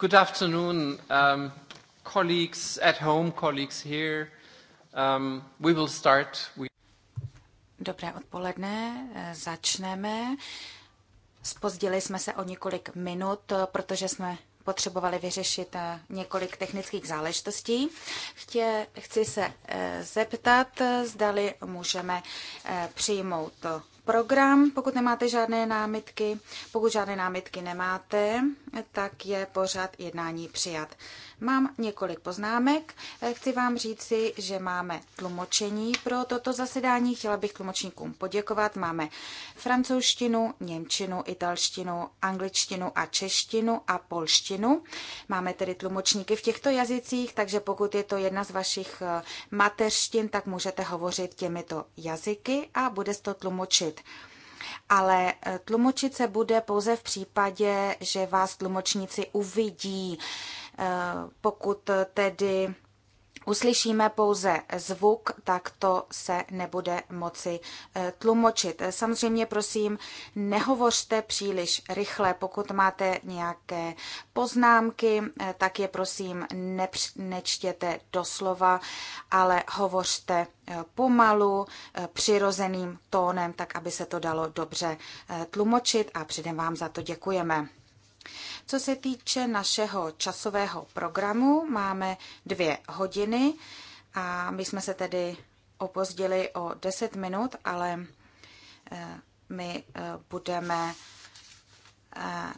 Good afternoon, um, colleagues at home, colleagues here. Um, we will start. We... Dobré odpoledne, eh, začneme. Spozdili jsme se o několik minut, eh, protože jsme potřebovali vyřešit eh, několik technických záležitostí. Chtě, chci se zeptat, zdali můžeme přijmout program. Pokud nemáte žádné námitky, pokud žádné námitky nemáte, tak je pořad jednání přijat. Mám několik poznámek. Eh, chci vám říci, že máme tlumočení pro toto zasedání. Chtěla bych tlumočníkům poděkovat. Máme francouzštinu, němčinu, italštinu, angličtinu a češtinu a polštinu. Máme tedy tlumočníky v těchto jazycích, takže pokud je to jedna z vašich eh, mateřštin, tak můžete hovořit těmito jazyky a bude to tlumočit ale eh, tlumočit se bude pouze v případě, že vás tlumočníci uvidí. Eh, pokud tedy uslyšíme pouze zvuk, tak to se nebude moci eh, tlumočit. Samozřejmě prosím, nehovořte příliš rychle. Pokud máte nějaké poznámky, eh, tak je prosím nečtěte doslova, ale hovořte pomalu, přirozeným tónem, tak aby se to dalo dobře tlumočit a předem vám za to děkujeme. Co se týče našeho časového programu, máme dvě hodiny a my jsme se tedy opozdili o 10 minut, ale eh, my eh, budeme eh,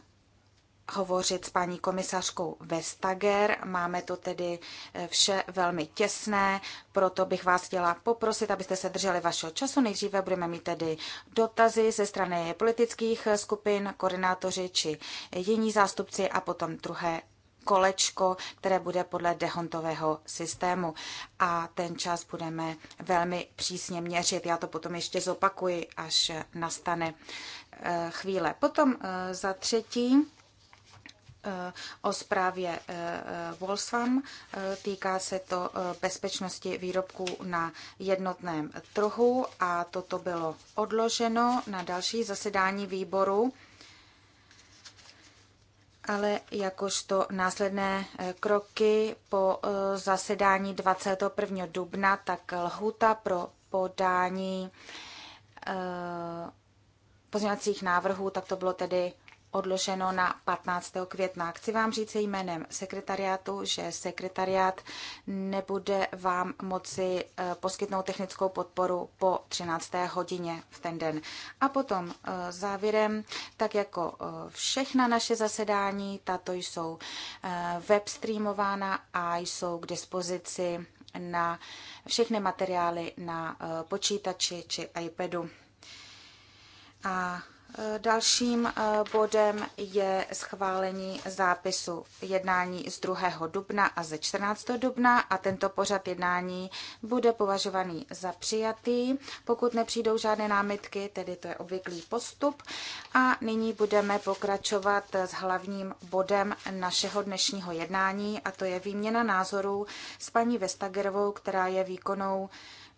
hovořit s paní komisařkou Vestager. Máme to tedy eh, vše velmi těsné, proto bych vás chtěla poprosit, abyste se drželi vašeho času. Nejdříve budeme mít tedy dotazy ze strany politických skupin, koordinátoři či jiní zástupci a potom druhé kolečko, které bude podle dehontového systému. A ten čas budeme velmi přísně měřit. Já to potom ještě zopakuji, až nastane eh, chvíle. Potom eh, za třetí Eh, o zprávě Wolfsam. Eh, eh, týká se to bezpečnosti výrobků na jednotném trhu a toto bylo odloženo na další zasedání výboru. Ale jakožto následné kroky po zasedání 21. dubna, tak lhuta pro podání pozměňovacích návrhů, tak to bylo tedy odloženo na 15. května. Chci vám říct jménem sekretariátu, že sekretariát nebude vám moci eh, poskytnout technickou podporu po 13. hodině v ten den. A potom eh, závěrem, tak jako eh, všechna naše zasedání, tato jsou webstreamována a jsou k dispozici na všechny materiály na počítači či iPadu. A Dalším eh, bodem je schválení zápisu jednání z 2. dubna a ze 14. dubna a tento pořad jednání bude považovaný za přijatý, pokud nepřijdou žádné námitky, tedy to je obvyklý postup. A nyní budeme pokračovat s hlavním bodem našeho dnešního jednání a to je výměna názorů s paní Vestagerovou, která je výkonnou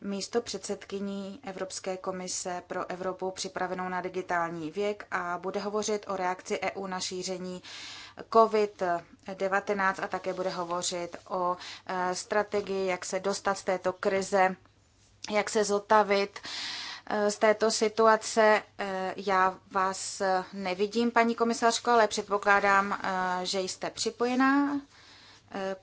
místo předsedkyní Evropské komise pro Evropu připravenou na digitální věk a bude hovořit o reakci EU na šíření COVID-19 a také bude hovořit o eh, strategii, jak se dostat z této krize, jak se zotavit eh, z této situace. Eh, já vás nevidím, paní komisařko, ale předpokládám, že jste připojená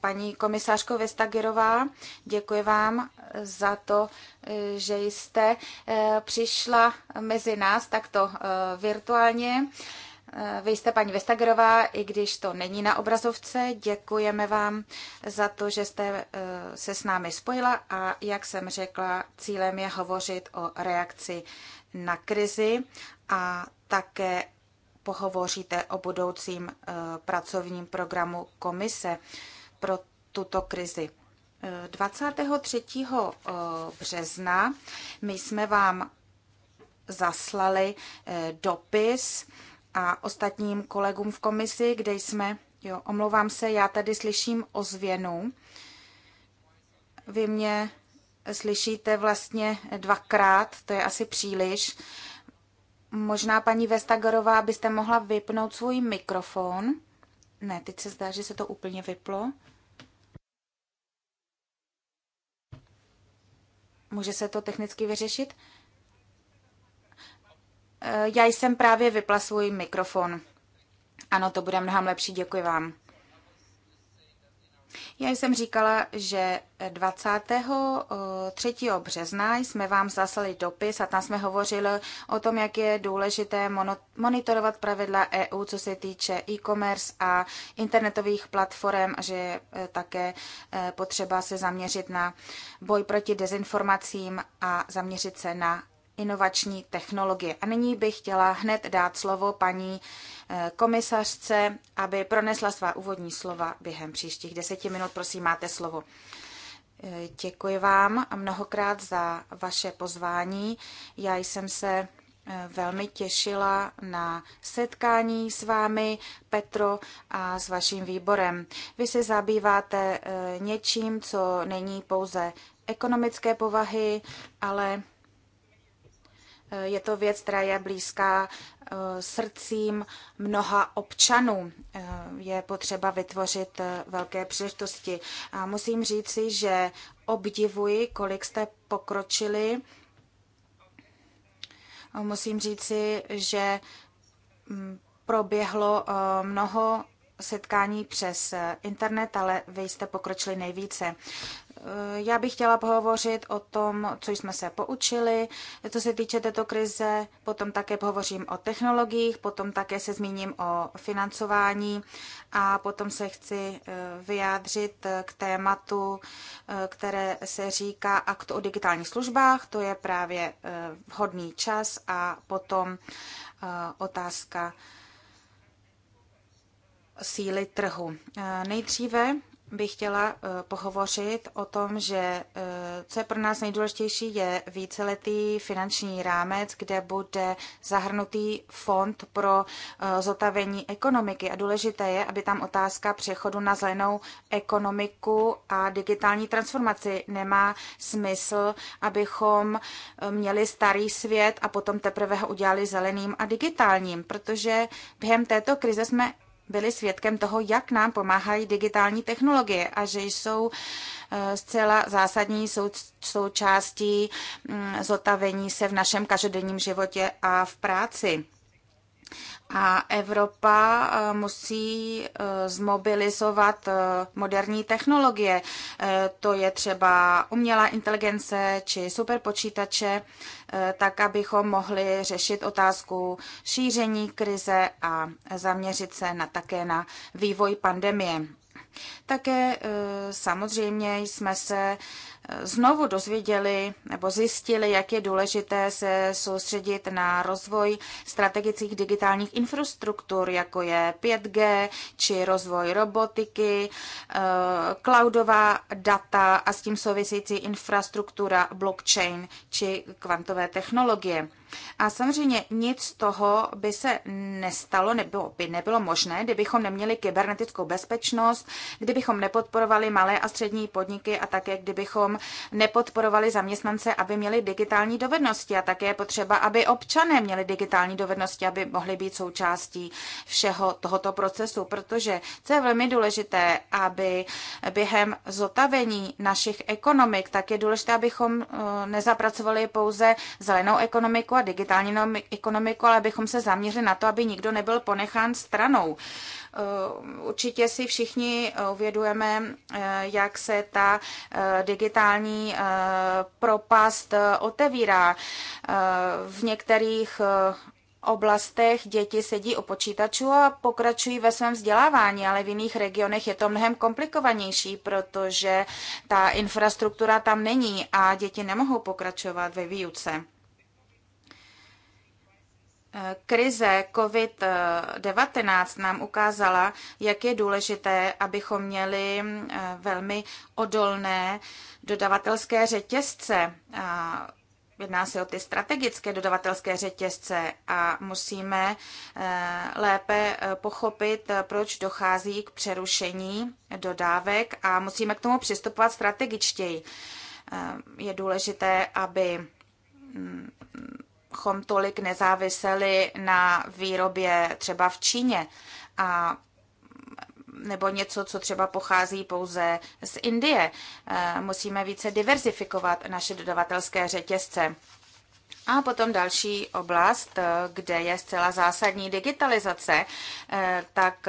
Paní komisářko Vestagerová, děkuji vám za to, eh, že jste eh, přišla mezi nás takto eh, virtuálně. Vy jste paní Vestagerová, i když to není na obrazovce. Děkujeme vám za to, že jste se s námi spojila a jak jsem řekla, cílem je hovořit o reakci na krizi a také pohovoříte o budoucím pracovním programu komise pro tuto krizi. 23. Eh, března my jsme vám zaslali eh, dopis a ostatním kolegům v komisi, kde jsme, jo, omlouvám se, já tady slyším ozvěnu. Vy mě slyšíte vlastně dvakrát, to je asi příliš. Možná paní Vestagorová byste mohla vypnout svůj mikrofon. Ne, teď se zdá, že se to úplně vyplo. Může se to technicky vyřešit? Eh, já jsem právě vypla svůj mikrofon. Ano, to bude mnohem lepší, děkuji vám. Já jsem říkala, že 23. března jsme vám zaslali dopis a tam jsme hovořili o tom, jak je důležité monitorovat pravidla EU, co se týče e-commerce a internetových platform, a že je eh, také eh, potřeba se zaměřit na boj proti dezinformacím a zaměřit se na inovační technologie. A nyní bych chtěla hned dát slovo paní eh, komisařce, aby pronesla svá úvodní slova během příštích deseti minut. Prosím, máte slovo. Eh, děkuji vám mnohokrát za vaše pozvání. Já jsem se eh, velmi těšila na setkání s vámi, Petro, a s vaším výborem. Vy se zabýváte něčím, co není pouze ekonomické povahy, ale Eh, je to věc, která je blízká eh, srdcím mnoha občanů. Eh, je potřeba vytvořit velké příležitosti. A musím říci, že obdivuji, kolik jste pokročili. Musím říci, že mm, proběhlo mnoho setkání přes internet, ale vy jste pokročili nejvíce. Eh, já bych chtěla pohovořit o tom, co jsme se poučili, co se týče této krize, potom také pohovořím o technologiích, potom také se zmíním o financování a potom se chci eh, vyjádřit eh, k tématu, které se říká akt o digitálních službách, to je právě vhodný čas a potom otázka síly trhu. Nejdříve bych chtěla eh, pohovořit o tom, že eh, co je pro nás nejdůležitější, je víceletý finanční rámec, kde bude zahrnutý fond pro eh, zotavení ekonomiky. A důležité je, aby tam otázka přechodu na zelenou ekonomiku a digitální transformaci nemá smysl, abychom měli starý svět a potom teprve ho udělali zeleným a digitálním, protože během této krize jsme byli svědkem toho, jak nám pomáhají digitální technologie a že jsou eh, zcela zásadní sou, součástí mm, zotavení se v našem každodenním životě a v práci. A Evropa eh, musí eh, zmobilizovat eh, moderní technologie. To je třeba umělá inteligence či superpočítače, tak abychom mohli řešit otázku šíření krize a zaměřit se na, také na vývoj pandemie. Také samozřejmě jsme se znovu dozvěděli nebo zjistili, jak je důležité se soustředit na rozvoj strategických digitálních infrastruktur, jako je 5G či rozvoj robotiky, eh, cloudová data a s tím související infrastruktura blockchain či kvantové technologie. A samozřejmě nic z toho by se nestalo, nebylo by nebylo možné, kdybychom neměli kybernetickou bezpečnost, kdybychom nepodporovali malé a střední podniky a také kdybychom nepodporovali zaměstnance, aby měli digitální dovednosti a také je potřeba, aby občané měli digitální dovednosti, aby mohli být součástí všeho tohoto procesu, protože co je velmi důležité, aby během zotavení našich ekonomik, tak je důležité, abychom eh, nezapracovali pouze zelenou ekonomiku a digitální ekonomiku, ale abychom se zaměřili na to, aby nikdo nebyl ponechán stranou. Eh, určitě si všichni eh, uvědujeme, eh, jak se ta digitální propast otevírá. V některých oblastech děti sedí u počítačů a pokračují ve svém vzdělávání, ale v jiných regionech je to mnohem komplikovanější, protože ta infrastruktura tam není a děti nemohou pokračovat ve výuce. Krize COVID-19 nám ukázala, jak je důležité, abychom měli eh, velmi odolné dodavatelské řetězce. Jedná se o ty strategické dodavatelské řetězce a musíme eh, lépe eh, pochopit, proč dochází k přerušení dodávek a musíme k tomu přistupovat strategičtěji. Je důležité, aby mm, bychom tolik nezáviseli na výrobě třeba v Číně a nebo něco, co třeba pochází pouze z Indie. Eh, musíme více diverzifikovat naše dodavatelské řetězce. A potom další oblast, eh, kde je zcela zásadní digitalizace, eh, tak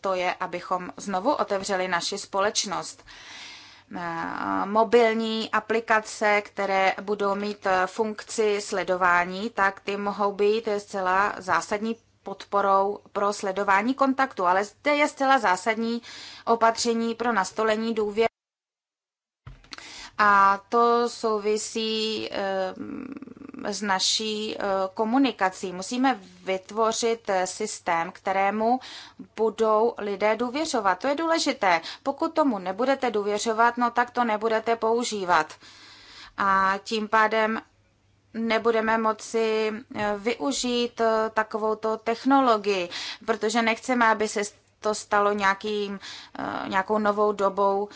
to je, abychom znovu otevřeli naši společnost. Eh, mobilní aplikace, které budou mít eh, funkci sledování, tak ty mohou být zcela zásadní podporou pro sledování kontaktu. Ale zde je zcela zásadní opatření pro nastolení důvěry. A to souvisí eh, s naší eh, komunikací. Musíme vytvořit eh, systém, kterému budou lidé důvěřovat. To je důležité. Pokud tomu nebudete důvěřovat, no tak to nebudete používat. A tím pádem nebudeme moci eh, využít takovouto technologii, protože nechceme, aby se to stalo nějakým, nějakou novou dobou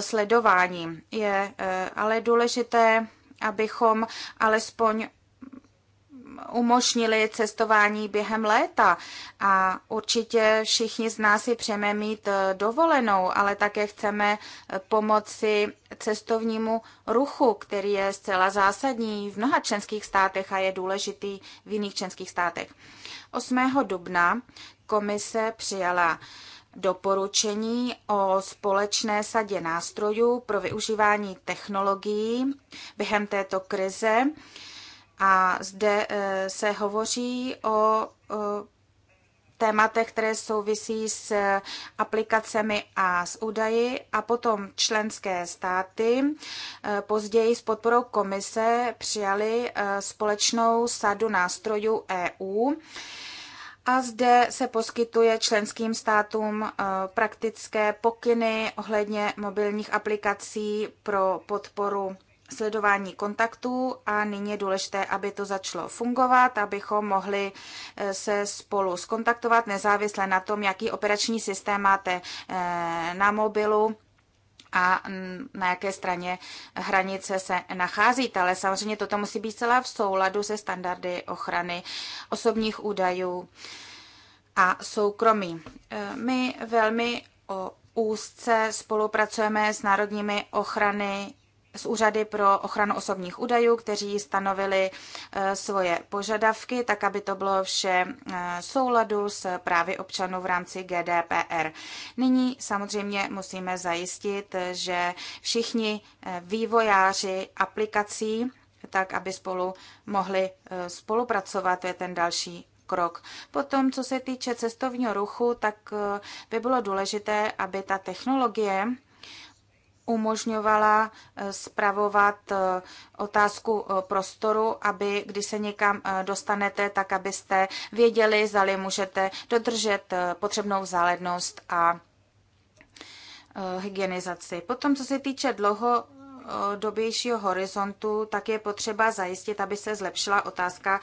sledování. Je ale důležité, abychom alespoň umožnili cestování během léta a určitě všichni z nás si přejeme mít eh, dovolenou, ale také chceme eh, pomoci cestovnímu ruchu, který je zcela zásadní v mnoha členských státech a je důležitý v jiných členských státech. 8. dubna komise přijala doporučení o společné sadě nástrojů pro využívání technologií během této krize a zde eh, se hovoří o tématech, které souvisí s eh, aplikacemi a s údaji a potom členské státy eh, později s podporou komise přijali společnou sadu nástrojů EU. A zde se poskytuje členským státům praktické pokyny ohledně mobilních aplikací pro podporu sledování kontaktů a nyní je důležité, aby to začalo fungovat, abychom mohli eh, se spolu skontaktovat nezávisle na tom, jaký operační systém máte eh, na mobilu a na jaké straně hranice se nacházíte. Ale samozřejmě toto musí být celá v souladu se standardy ochrany osobních údajů a soukromí. Eh, my velmi úzce spolupracujeme s národními ochrany s úřady pro ochranu osobních údajů, kteří stanovili eh, svoje požadavky, tak aby to bylo vše eh, souladu s právy občanů v rámci GDPR. Nyní samozřejmě musíme zajistit, že všichni eh, vývojáři aplikací, tak aby spolu mohli spolupracovat, to je ten další krok. Potom, co se týče cestovního ruchu, tak by bylo důležité, aby ta technologie, umožňovala eh, spravovat eh, otázku eh, prostoru, aby když se někam dostanete, tak abyste věděli, zali můžete dodržet potřebnou vzdálenost a hygienizaci. Potom, co se týče dlouho dobějšího horizontu, tak je potřeba zajistit, aby se zlepšila otázka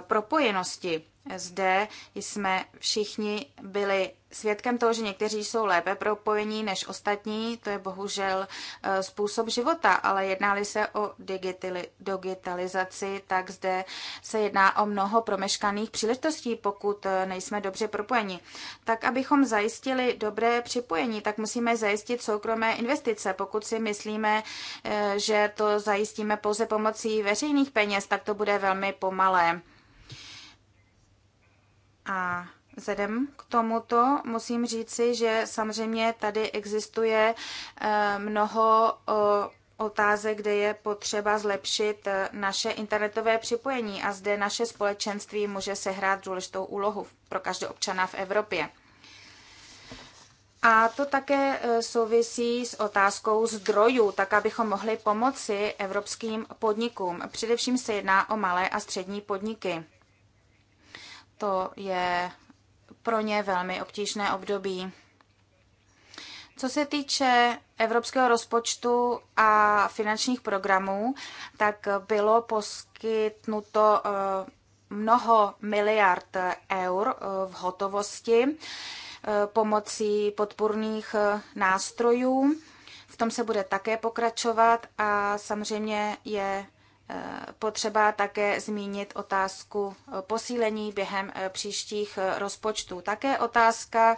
propojenosti zde jsme všichni byli svědkem toho, že někteří jsou lépe propojení než ostatní. To je bohužel eh, způsob života, ale jednali se o digitalizaci, tak zde se jedná o mnoho promeškaných příležitostí, pokud eh, nejsme dobře propojeni. Tak abychom zajistili dobré připojení, tak musíme zajistit soukromé investice. Pokud si myslíme, eh, že to zajistíme pouze pomocí veřejných peněz, tak to bude velmi pomalé a Vzhledem k tomuto musím říci, že samozřejmě tady existuje eh, mnoho otázek, kde je potřeba zlepšit eh, naše internetové připojení a zde naše společenství může sehrát důležitou úlohu pro každého občana v Evropě. A to také eh, souvisí s otázkou zdrojů, tak abychom mohli pomoci evropským podnikům. Především se jedná o malé a střední podniky to je pro ně velmi obtížné období. Co se týče evropského rozpočtu a finančních programů, tak bylo poskytnuto eh, mnoho miliard eur eh, v hotovosti eh, pomocí podpůrných nástrojů. V tom se bude také pokračovat a samozřejmě je potřeba také zmínit otázku posílení během eh, příštích eh, rozpočtů. Také otázka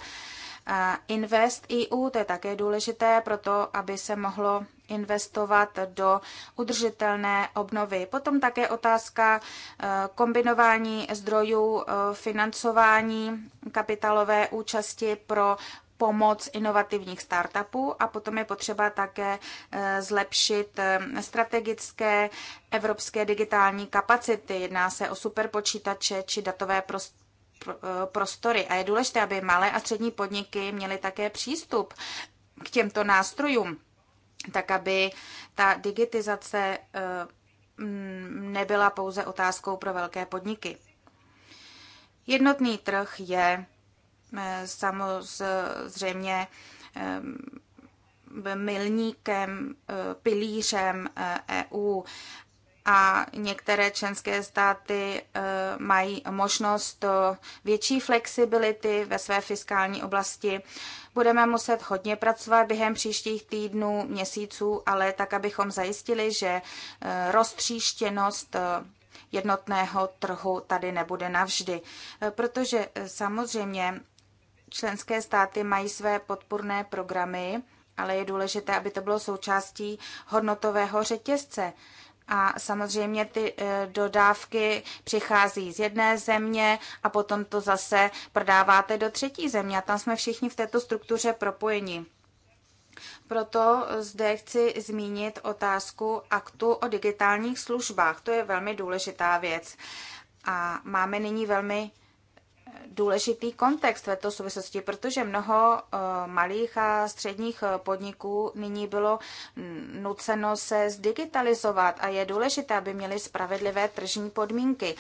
eh, Invest EU, to je také důležité proto, aby se mohlo investovat do udržitelné obnovy. Potom také otázka kombinování zdrojů financování kapitálové účasti pro pomoc inovativních startupů a potom je potřeba také eh, zlepšit eh, strategické evropské digitální kapacity. Jedná se o superpočítače či datové prostředí eh, prostory a je důležité, aby malé a střední podniky měly také přístup k těmto nástrojům, tak aby ta digitizace nebyla pouze otázkou pro velké podniky. Jednotný trh je Eh, samozřejmě eh, milníkem, eh, pilířem EU e a některé členské státy mají možnost větší flexibility ve své fiskální oblasti. Budeme muset hodně pracovat během příštích týdnů, měsíců, ale tak, abychom zajistili, že roztříštěnost jednotného trhu tady nebude navždy. Protože samozřejmě Členské státy mají své podpůrné programy, ale je důležité, aby to bylo součástí hodnotového řetězce. A samozřejmě ty eh, dodávky přichází z jedné země a potom to zase prodáváte do třetí země. A tam jsme všichni v této struktuře propojeni. Proto zde chci zmínit otázku aktu o digitálních službách. To je velmi důležitá věc. A máme nyní velmi důležitý kontext v této souvislosti, protože mnoho eh, malých a středních eh, podniků nyní bylo nuceno se zdigitalizovat a je důležité, aby měli spravedlivé tržní podmínky.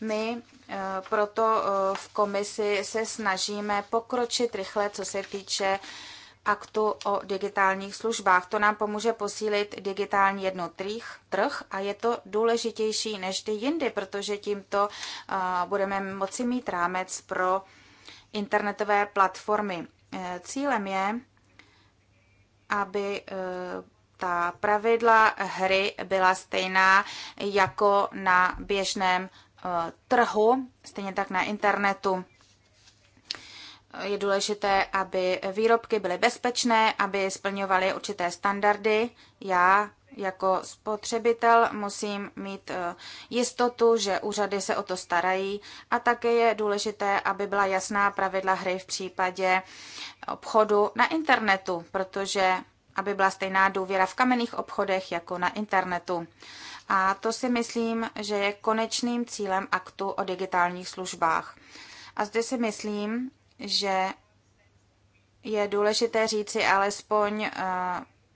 My eh, proto v komisi se snažíme pokročit rychle, co se týče aktu o digitálních službách. To nám pomůže posílit digitální jednotrých trh a je to důležitější než ty jindy, protože tímto eh, budeme moci mít rámec pro internetové platformy. Eh, cílem je, aby eh, ta pravidla hry byla stejná jako na běžném trhu, stejně tak na internetu je důležité, aby výrobky byly bezpečné, aby splňovaly určité standardy. Já jako spotřebitel musím mít e, jistotu, že úřady se o to starají a také je důležité, aby byla jasná pravidla hry v případě obchodu na internetu, protože aby byla stejná důvěra v kamenných obchodech jako na internetu. A to si myslím, že je konečným cílem aktu o digitálních službách. A zde si myslím, že je důležité říci alespoň eh,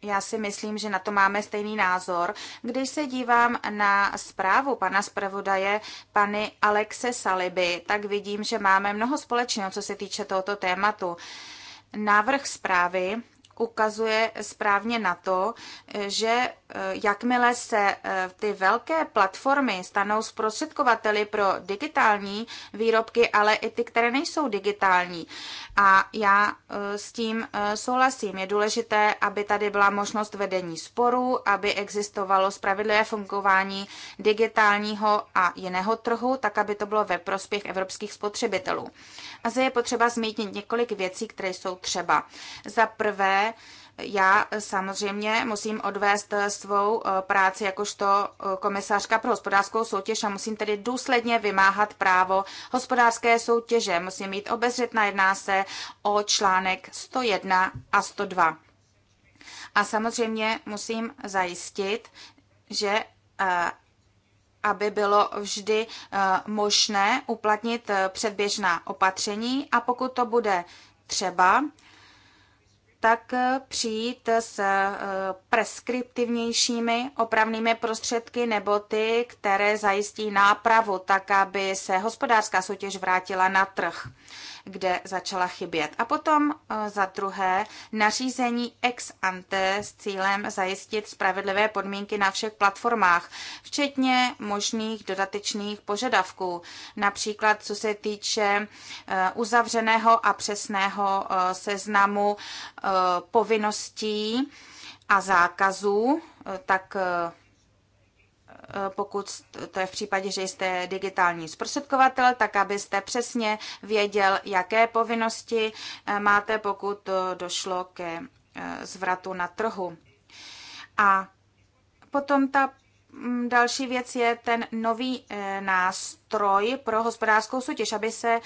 já si myslím, že na to máme stejný názor. Když se dívám na zprávu pana zpravodaje, pany Alexe Saliby, tak vidím, že máme mnoho společného, co se týče tohoto tématu. Návrh zprávy ukazuje správně na to, že e, jakmile se e, ty velké platformy stanou zprostředkovateli pro digitální výrobky, ale i ty, které nejsou digitální. A já e, s tím souhlasím. Je důležité, aby tady byla možnost vedení sporů, aby existovalo spravedlivé fungování digitálního a jiného trhu, tak aby to bylo ve prospěch evropských spotřebitelů. A zde je potřeba zmínit několik věcí, které jsou třeba. Za prvé, já samozřejmě musím odvést eh, svou eh, práci jakožto eh, komisářka pro hospodářskou soutěž a musím tedy důsledně vymáhat právo hospodářské soutěže. Musím mít obezřetná, jedná se o článek 101 a 102. A samozřejmě musím zajistit, že aby bylo vždy možné uplatnit předběžná opatření a pokud to bude třeba, tak eh, přijít s eh, preskriptivnějšími opravnými prostředky nebo ty, které zajistí nápravu, tak aby se hospodářská soutěž vrátila na trh kde začala chybět. A potom eh, za druhé nařízení ex ante s cílem zajistit spravedlivé podmínky na všech platformách, včetně možných dodatečných požadavků, například co se týče eh, uzavřeného a přesného eh, seznamu povinností a zákazů, tak Eh, pokud to je v případě, že jste digitální zprostředkovatel, tak abyste přesně věděl, jaké povinnosti eh, máte, pokud eh, došlo ke zvratu na trhu. A potom ta mm, Další věc je ten nový nástroj pro hospodářskou soutěž, aby se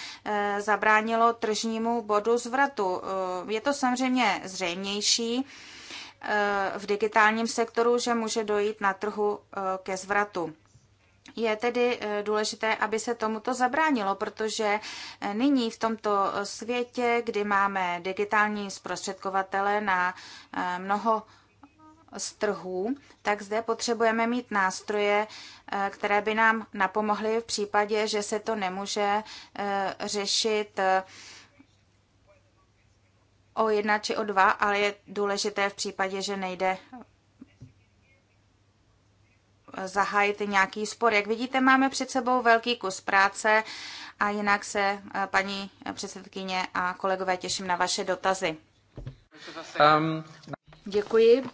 zabránilo tržnímu bodu zvratu. Je to samozřejmě zřejmější, v digitálním sektoru, že může dojít na trhu e, ke zvratu. Je tedy e, důležité, aby se tomuto zabránilo, protože e, nyní v tomto světě, kdy máme digitální zprostředkovatele na mnoho z trhů, tak zde potřebujeme mít nástroje, které by nám napomohly v případě, že se to nemůže řešit o jedna či o dva, ale je důležité v případě, že nejde zahájit nějaký spor. Jak vidíte, máme před sebou velký kus práce a jinak se eh, paní předsedkyně a kolegové těším na vaše dotazy. Um, Děkuji,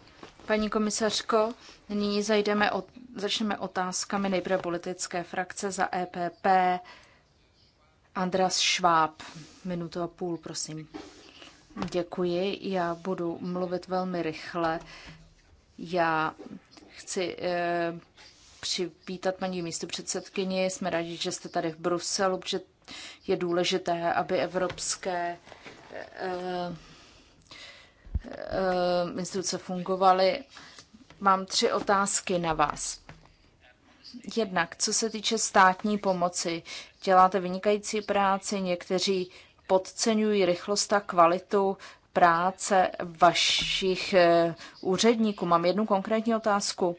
paní komisařko. Nyní zajdeme od, začneme otázkami nejprve politické frakce za EPP. Andras Šváb, minutu a půl, prosím. Děkuji, já budu mluvit velmi rychle. Já chci eh, přivítat paní předsedkyni. Jsme rádi, že jste tady v Bruselu, protože je důležité, aby evropské eh, eh, instituce fungovaly. Mám tři otázky na vás. Jednak, co se týče státní pomoci, děláte vynikající práci, někteří podceňují rychlost a kvalitu práce vašich eh, úředníků. Mám jednu konkrétní otázku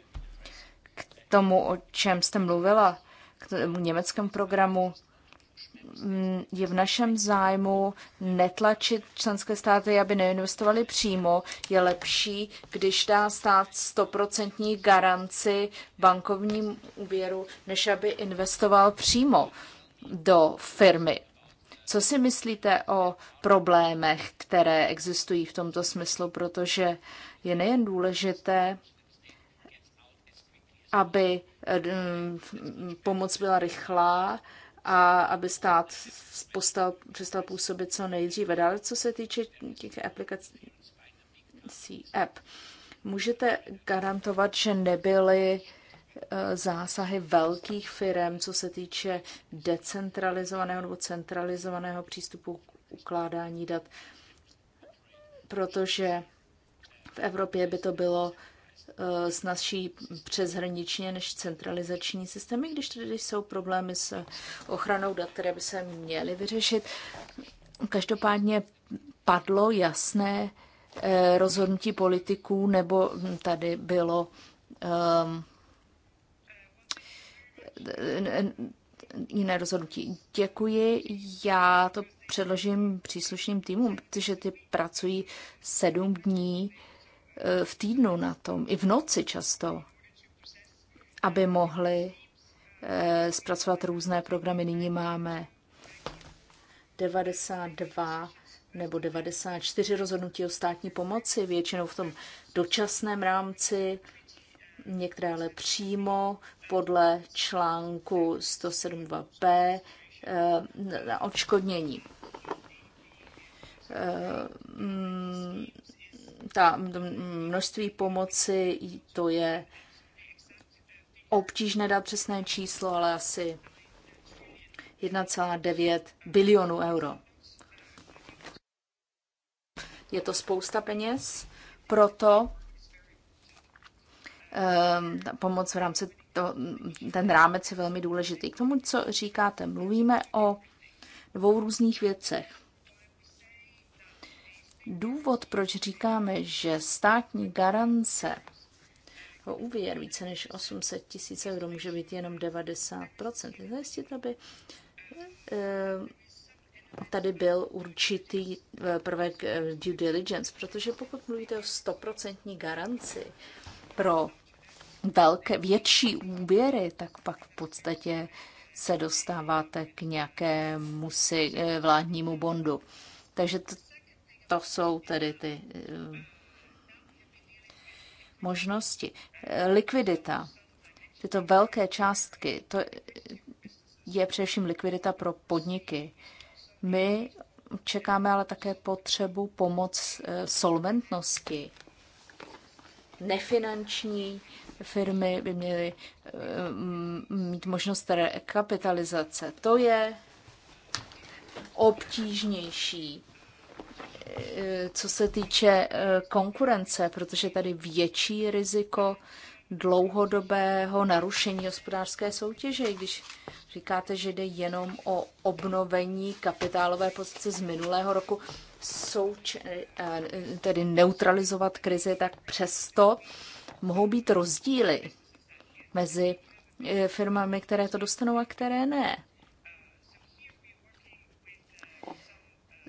k tomu, o čem jste mluvila, k tomu německém programu. Mm, je v našem zájmu netlačit členské státy, aby neinvestovali přímo. Je lepší, když dá stát stoprocentní garanci bankovním úvěru, než aby investoval přímo do firmy co si myslíte o problémech, které existují v tomto smyslu, protože je nejen důležité, aby eh, mm, pomoc byla rychlá a aby stát postal, přestal působit co nejdříve. Dále, co se týče těch aplikací app, můžete garantovat, že nebyly E, zásahy velkých firm, co se týče decentralizovaného nebo centralizovaného přístupu k ukládání dat, protože v Evropě by to bylo e, naší přeshraničně než centralizační systémy, když tedy jsou problémy s ochranou dat, které by se měly vyřešit. Každopádně padlo jasné e, rozhodnutí politiků, nebo tady bylo um, jiné rozhodnutí. Děkuji, já to předložím příslušným týmům, protože ty pracují sedm dní eh, v týdnu na tom, i v noci často, aby mohli eh, zpracovat různé programy. Nyní máme 92 nebo 94 rozhodnutí o státní pomoci, většinou v tom dočasném rámci některé ale přímo podle článku 172p eh, na odškodnění. Eh, mm, ta množství pomoci, to je obtížné dát přesné číslo, ale asi 1,9 bilionu euro. Je to spousta peněz, proto Ehm, ta pomoc v rámci to, ten rámec je velmi důležitý. K tomu, co říkáte, mluvíme o dvou různých věcech. Důvod, proč říkáme, že státní garance o úvěr více než 800 tisíc euro může být jenom 90%. Je zajistit, aby ehm, tady byl určitý eh, prvek eh, due diligence, protože pokud mluvíte o 100% garanci pro velké, větší úvěry, tak pak v podstatě se dostáváte k nějakému si, eh, vládnímu bondu. Takže to, to jsou tedy ty eh, možnosti. Eh, likvidita. Tyto velké částky, to je především likvidita pro podniky. My čekáme ale také potřebu pomoc solventnosti, nefinanční firmy by měly eh, mít možnost rekapitalizace. To je obtížnější, eh, co se týče eh, konkurence, protože tady větší riziko dlouhodobého narušení hospodářské soutěže, když říkáte, že jde jenom o obnovení kapitálové pozice z minulého roku, souč- tedy neutralizovat krizi, tak přesto mohou být rozdíly mezi eh, firmami, které to dostanou a které ne.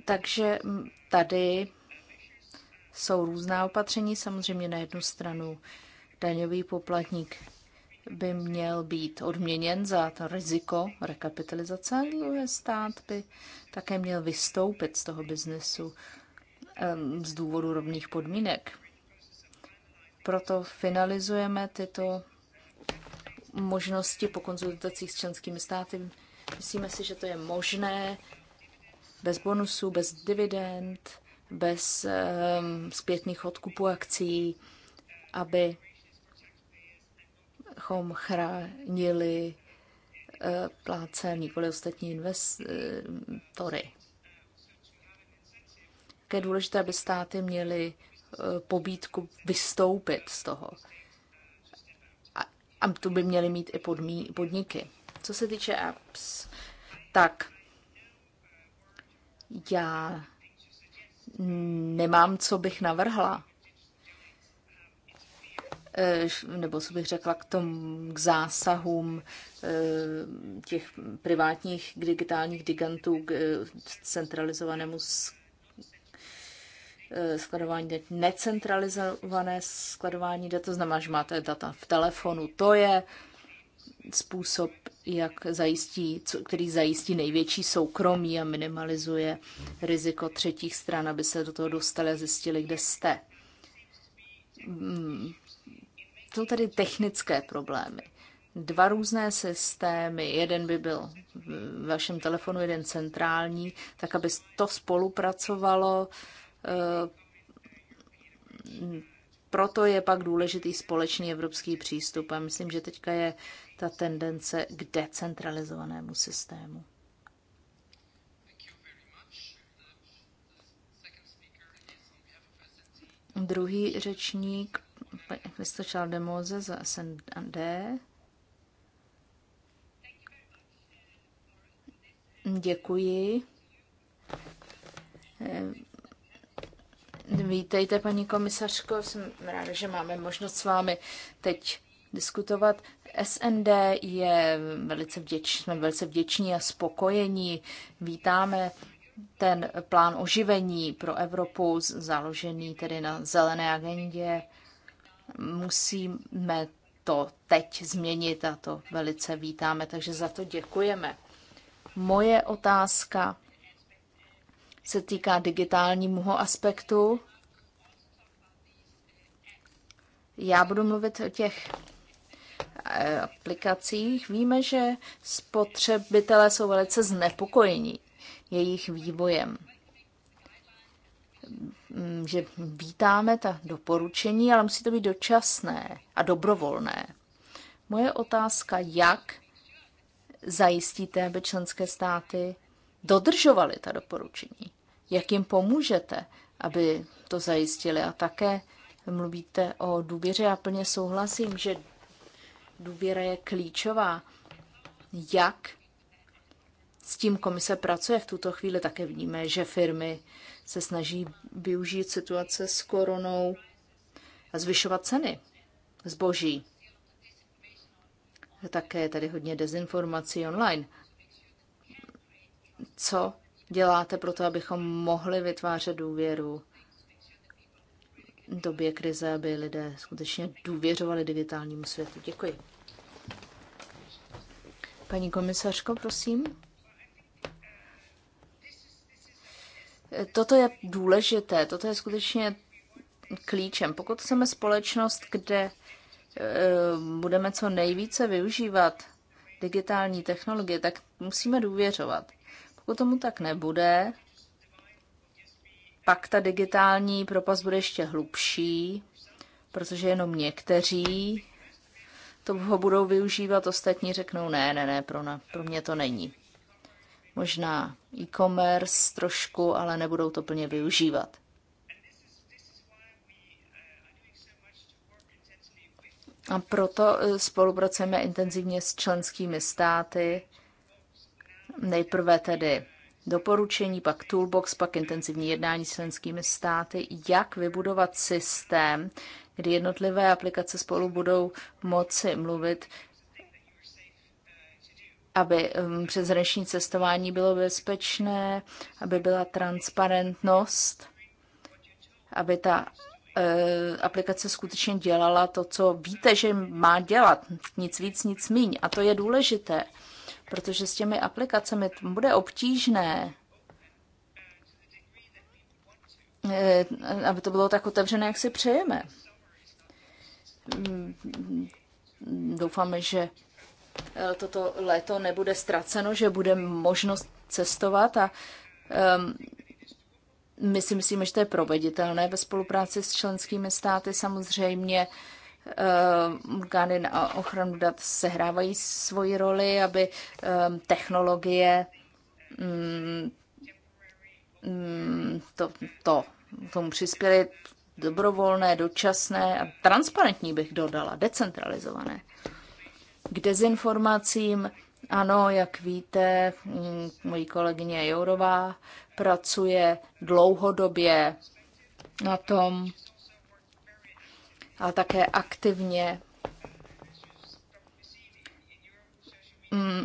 Takže mm, tady jsou různá opatření. Samozřejmě na jednu stranu daňový poplatník by měl být odměněn za to riziko rekapitalizace, a stát by také měl vystoupit z toho biznesu z důvodu rovných podmínek. Proto finalizujeme tyto možnosti po konzultacích s členskými státy. Myslíme si, že to je možné bez bonusů, bez dividend, bez um, zpětných odkupů akcí, aby chom chránili uh, eh, pláce, nikoli ostatní investory. je důležité, aby státy měly Eh, pobídku vystoupit z toho. A, a tu by měly mít i podmí, podniky. Co se týče apps, tak já nemám, co bych navrhla. Eh, nebo co bych řekla k tomu, k zásahům eh, těch privátních digitálních gigantů k centralizovanému Eh, skladování dat, necentralizované skladování dat, to znamená, že máte data v telefonu. To je způsob, jak zajistí, který zajistí největší soukromí a minimalizuje riziko třetích stran, aby se do toho dostali a zjistili, kde jste. Hmm. Jsou tady technické problémy. Dva různé systémy, jeden by byl v vašem telefonu, jeden centrální, tak aby to spolupracovalo, Eh, proto je pak důležitý společný evropský přístup a myslím, že teďka je ta tendence k decentralizovanému systému. Druhý řečník, de Čaldemoze za SND. Děkuji eh, Vítejte, paní komisařko. Jsem ráda, že máme možnost s vámi teď diskutovat. SND je velice vděční, jsme velice vděční a spokojení. Vítáme ten plán oživení pro Evropu, založený tedy na zelené agendě. Musíme to teď změnit a to velice vítáme, takže za to děkujeme. Moje otázka se týká digitálního aspektu. Já budu mluvit o těch eh, aplikacích. Víme, že spotřebitelé jsou velice znepokojení jejich vývojem. Mm, že vítáme ta doporučení, ale musí to být dočasné a dobrovolné. Moje otázka, jak zajistíte, aby členské státy dodržovali ta doporučení, jak jim pomůžete, aby to zajistili. A také mluvíte o důvěře. Já plně souhlasím, že důvěra je klíčová. Jak s tím komise pracuje v tuto chvíli, také vidíme, že firmy se snaží využít situace s koronou a zvyšovat ceny zboží. Také je tady hodně dezinformací online co děláte pro to, abychom mohli vytvářet důvěru v době krize, aby lidé skutečně důvěřovali digitálnímu světu. Děkuji. Paní komisařko, prosím. Toto je důležité, toto je skutečně klíčem. Pokud chceme společnost, kde e, budeme co nejvíce využívat digitální technologie, tak musíme důvěřovat. Pokud tomu tak nebude, pak ta digitální propast bude ještě hlubší, protože jenom někteří to ho budou využívat, ostatní řeknou ne, ne, ne, pro, na, pro mě to není. Možná e-commerce trošku, ale nebudou to plně využívat. A proto eh, spolupracujeme intenzivně s členskými státy, Nejprve tedy doporučení, pak toolbox, pak intenzivní jednání s členskými státy, jak vybudovat systém, kdy jednotlivé aplikace spolu budou moci mluvit, aby um, přeshraniční cestování bylo bezpečné, aby byla transparentnost, aby ta eh, aplikace skutečně dělala to, co víte, že má dělat. Nic víc, nic míň. A to je důležité protože s těmi aplikacemi bude obtížné, eh, aby to bylo tak otevřené, jak si přejeme. Mm, doufáme, že eh, toto léto nebude ztraceno, že bude možnost cestovat a ehm, my si myslíme, že to je proveditelné ve spolupráci s členskými státy. Samozřejmě Eh, orgány na ochranu dat sehrávají svoji roli, aby eh, technologie mm, mm, to, to tomu přispěly dobrovolné, dočasné a transparentní bych dodala, decentralizované. K dezinformacím, ano, jak víte, mm, mojí kolegyně Jourová pracuje dlouhodobě na tom, a také aktivně mm,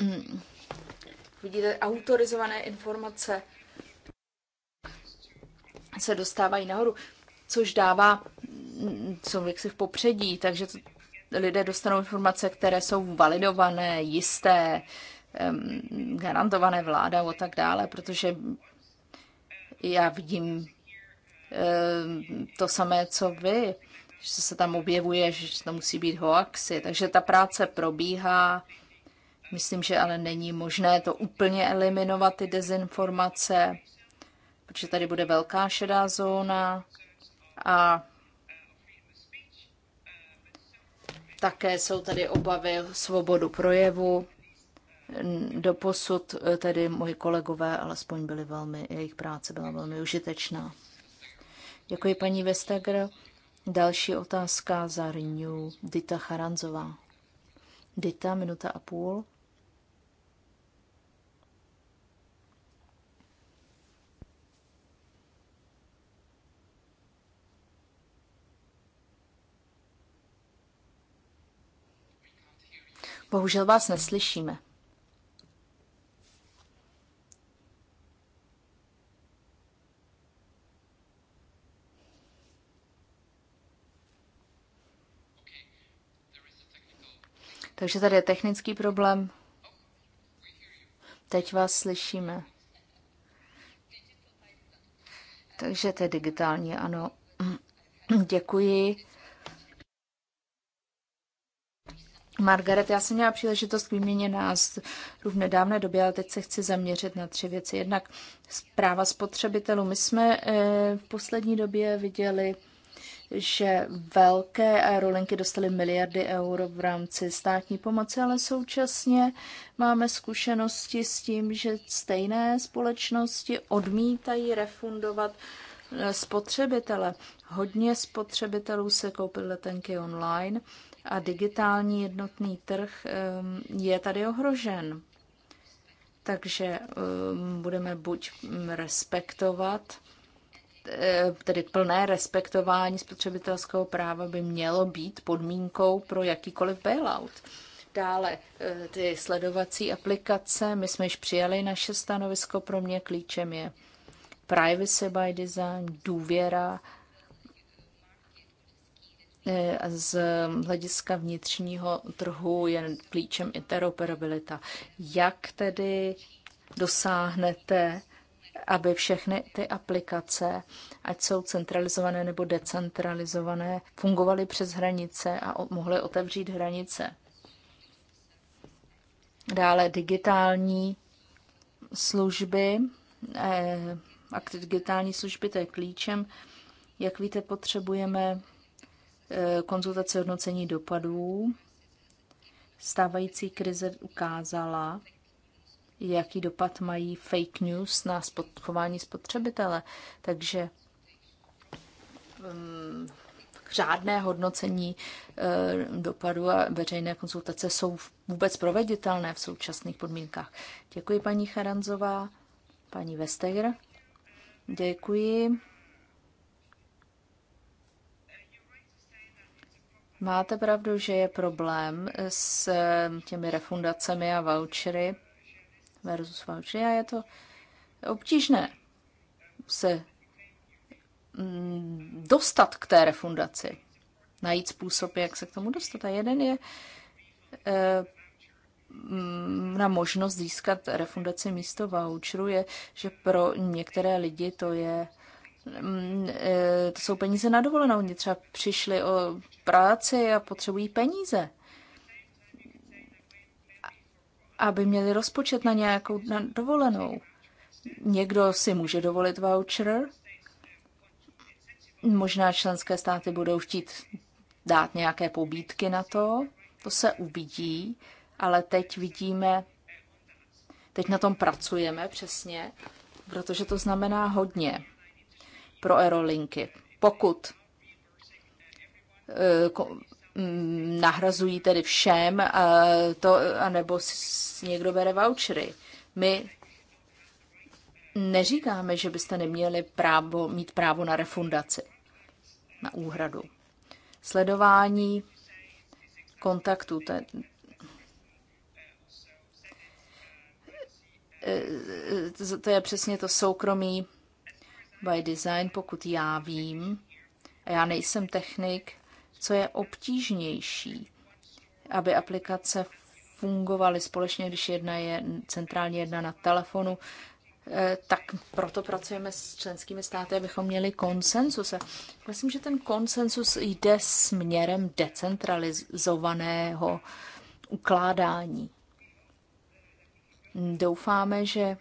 Mm. Vidíte, autorizované informace se dostávají nahoru, což dává mm, jsou si v popředí, takže to, lidé dostanou informace, které jsou validované, jisté, garantované vládou a tak dále, protože já vidím to samé, co vy, že se tam objevuje, že to musí být hoaxy. Takže ta práce probíhá. Myslím, že ale není možné to úplně eliminovat, ty dezinformace, protože tady bude velká šedá zóna a také jsou tady obavy o svobodu projevu. Doposud eh, tedy moji kolegové alespoň byli velmi, jejich práce byla velmi užitečná. Děkuji paní Vestager. Další otázka za Rňu Dita Charanzová. Dita, minuta a půl. Bohužel vás neslyšíme. Takže tady je technický problém. Teď vás slyšíme. Takže to je digitální, ano. Děkuji. Margaret, já jsem měla příležitost k výměně nás v nedávné době, ale teď se chci zaměřit na tři věci. Jednak zpráva spotřebitelů. My jsme eh, v poslední době viděli že velké aerolinky dostaly miliardy eur v rámci státní pomoci, ale současně máme zkušenosti s tím, že stejné společnosti odmítají refundovat eh, spotřebitele. Hodně spotřebitelů se koupil letenky online a digitální jednotný trh ehm, je tady ohrožen. Takže ehm, budeme buď mm, respektovat Eh, tedy plné respektování spotřebitelského práva by mělo být podmínkou pro jakýkoliv bailout. Dále eh, ty sledovací aplikace, my jsme již přijali naše stanovisko, pro mě klíčem je privacy by design, důvěra eh, z hlediska vnitřního trhu je klíčem interoperabilita. Jak tedy dosáhnete aby všechny ty aplikace, ať jsou centralizované nebo decentralizované, fungovaly přes hranice a mohly otevřít hranice. Dále digitální služby, eh, akt digitální služby, to je klíčem. Jak víte, potřebujeme eh, konzultaci hodnocení dopadů. Stávající krize ukázala, jaký dopad mají fake news na chování spotřebitele. Takže um, řádné hodnocení uh, dopadu a veřejné konzultace jsou vůbec proveditelné v současných podmínkách. Děkuji paní Charanzová, paní Vestegr. Děkuji. Máte pravdu, že je problém s eh, těmi refundacemi a vouchery versus Fauci a je to obtížné se mm, dostat k té refundaci, najít způsob, jak se k tomu dostat. A jeden je eh, mm, na možnost získat refundaci místo voucheru je, že pro některé lidi to je mm, eh, to jsou peníze na dovolenou. Oni třeba přišli o práci a potřebují peníze aby měli rozpočet na nějakou na dovolenou. Někdo si může dovolit voucher, možná členské státy budou chtít dát nějaké pobídky na to, to se uvidí, ale teď vidíme, teď na tom pracujeme přesně, protože to znamená hodně pro aerolinky. Pokud eh, Mm, nahrazují tedy všem, eh, to, anebo někdo bere vouchery. My neříkáme, že byste neměli právo, mít právo na refundaci, na úhradu. Sledování kontaktu, ten, eh, to je přesně to soukromí by design, pokud já vím. A já nejsem technik, co je obtížnější, aby aplikace fungovaly společně, když jedna je centrálně jedna na telefonu, eh, tak proto pracujeme s členskými státy, abychom měli konsensus. myslím, že ten konsensus jde směrem decentralizovaného ukládání. Doufáme, že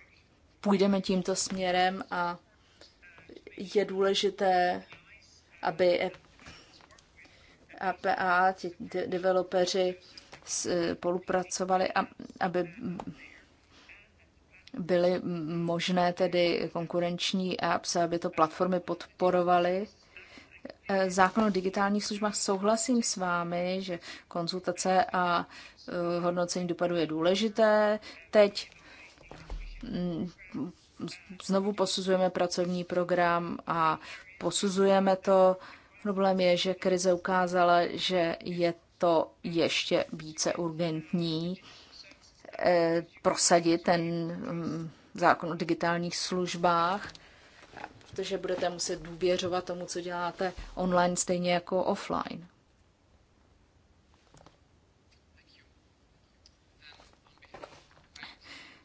půjdeme tímto směrem a je důležité, aby APA, ti developeři eh, spolupracovali, aby byly možné tedy konkurenční apps, aby to platformy podporovaly. Eh, zákon o digitálních službách souhlasím s vámi, že konzultace a eh, hodnocení dopadu je důležité. Teď mm, znovu posuzujeme pracovní program a posuzujeme to Problém je, že krize ukázala, že je to ještě více urgentní eh, prosadit ten mm, zákon o digitálních službách, protože budete muset důvěřovat tomu, co děláte online, stejně jako offline.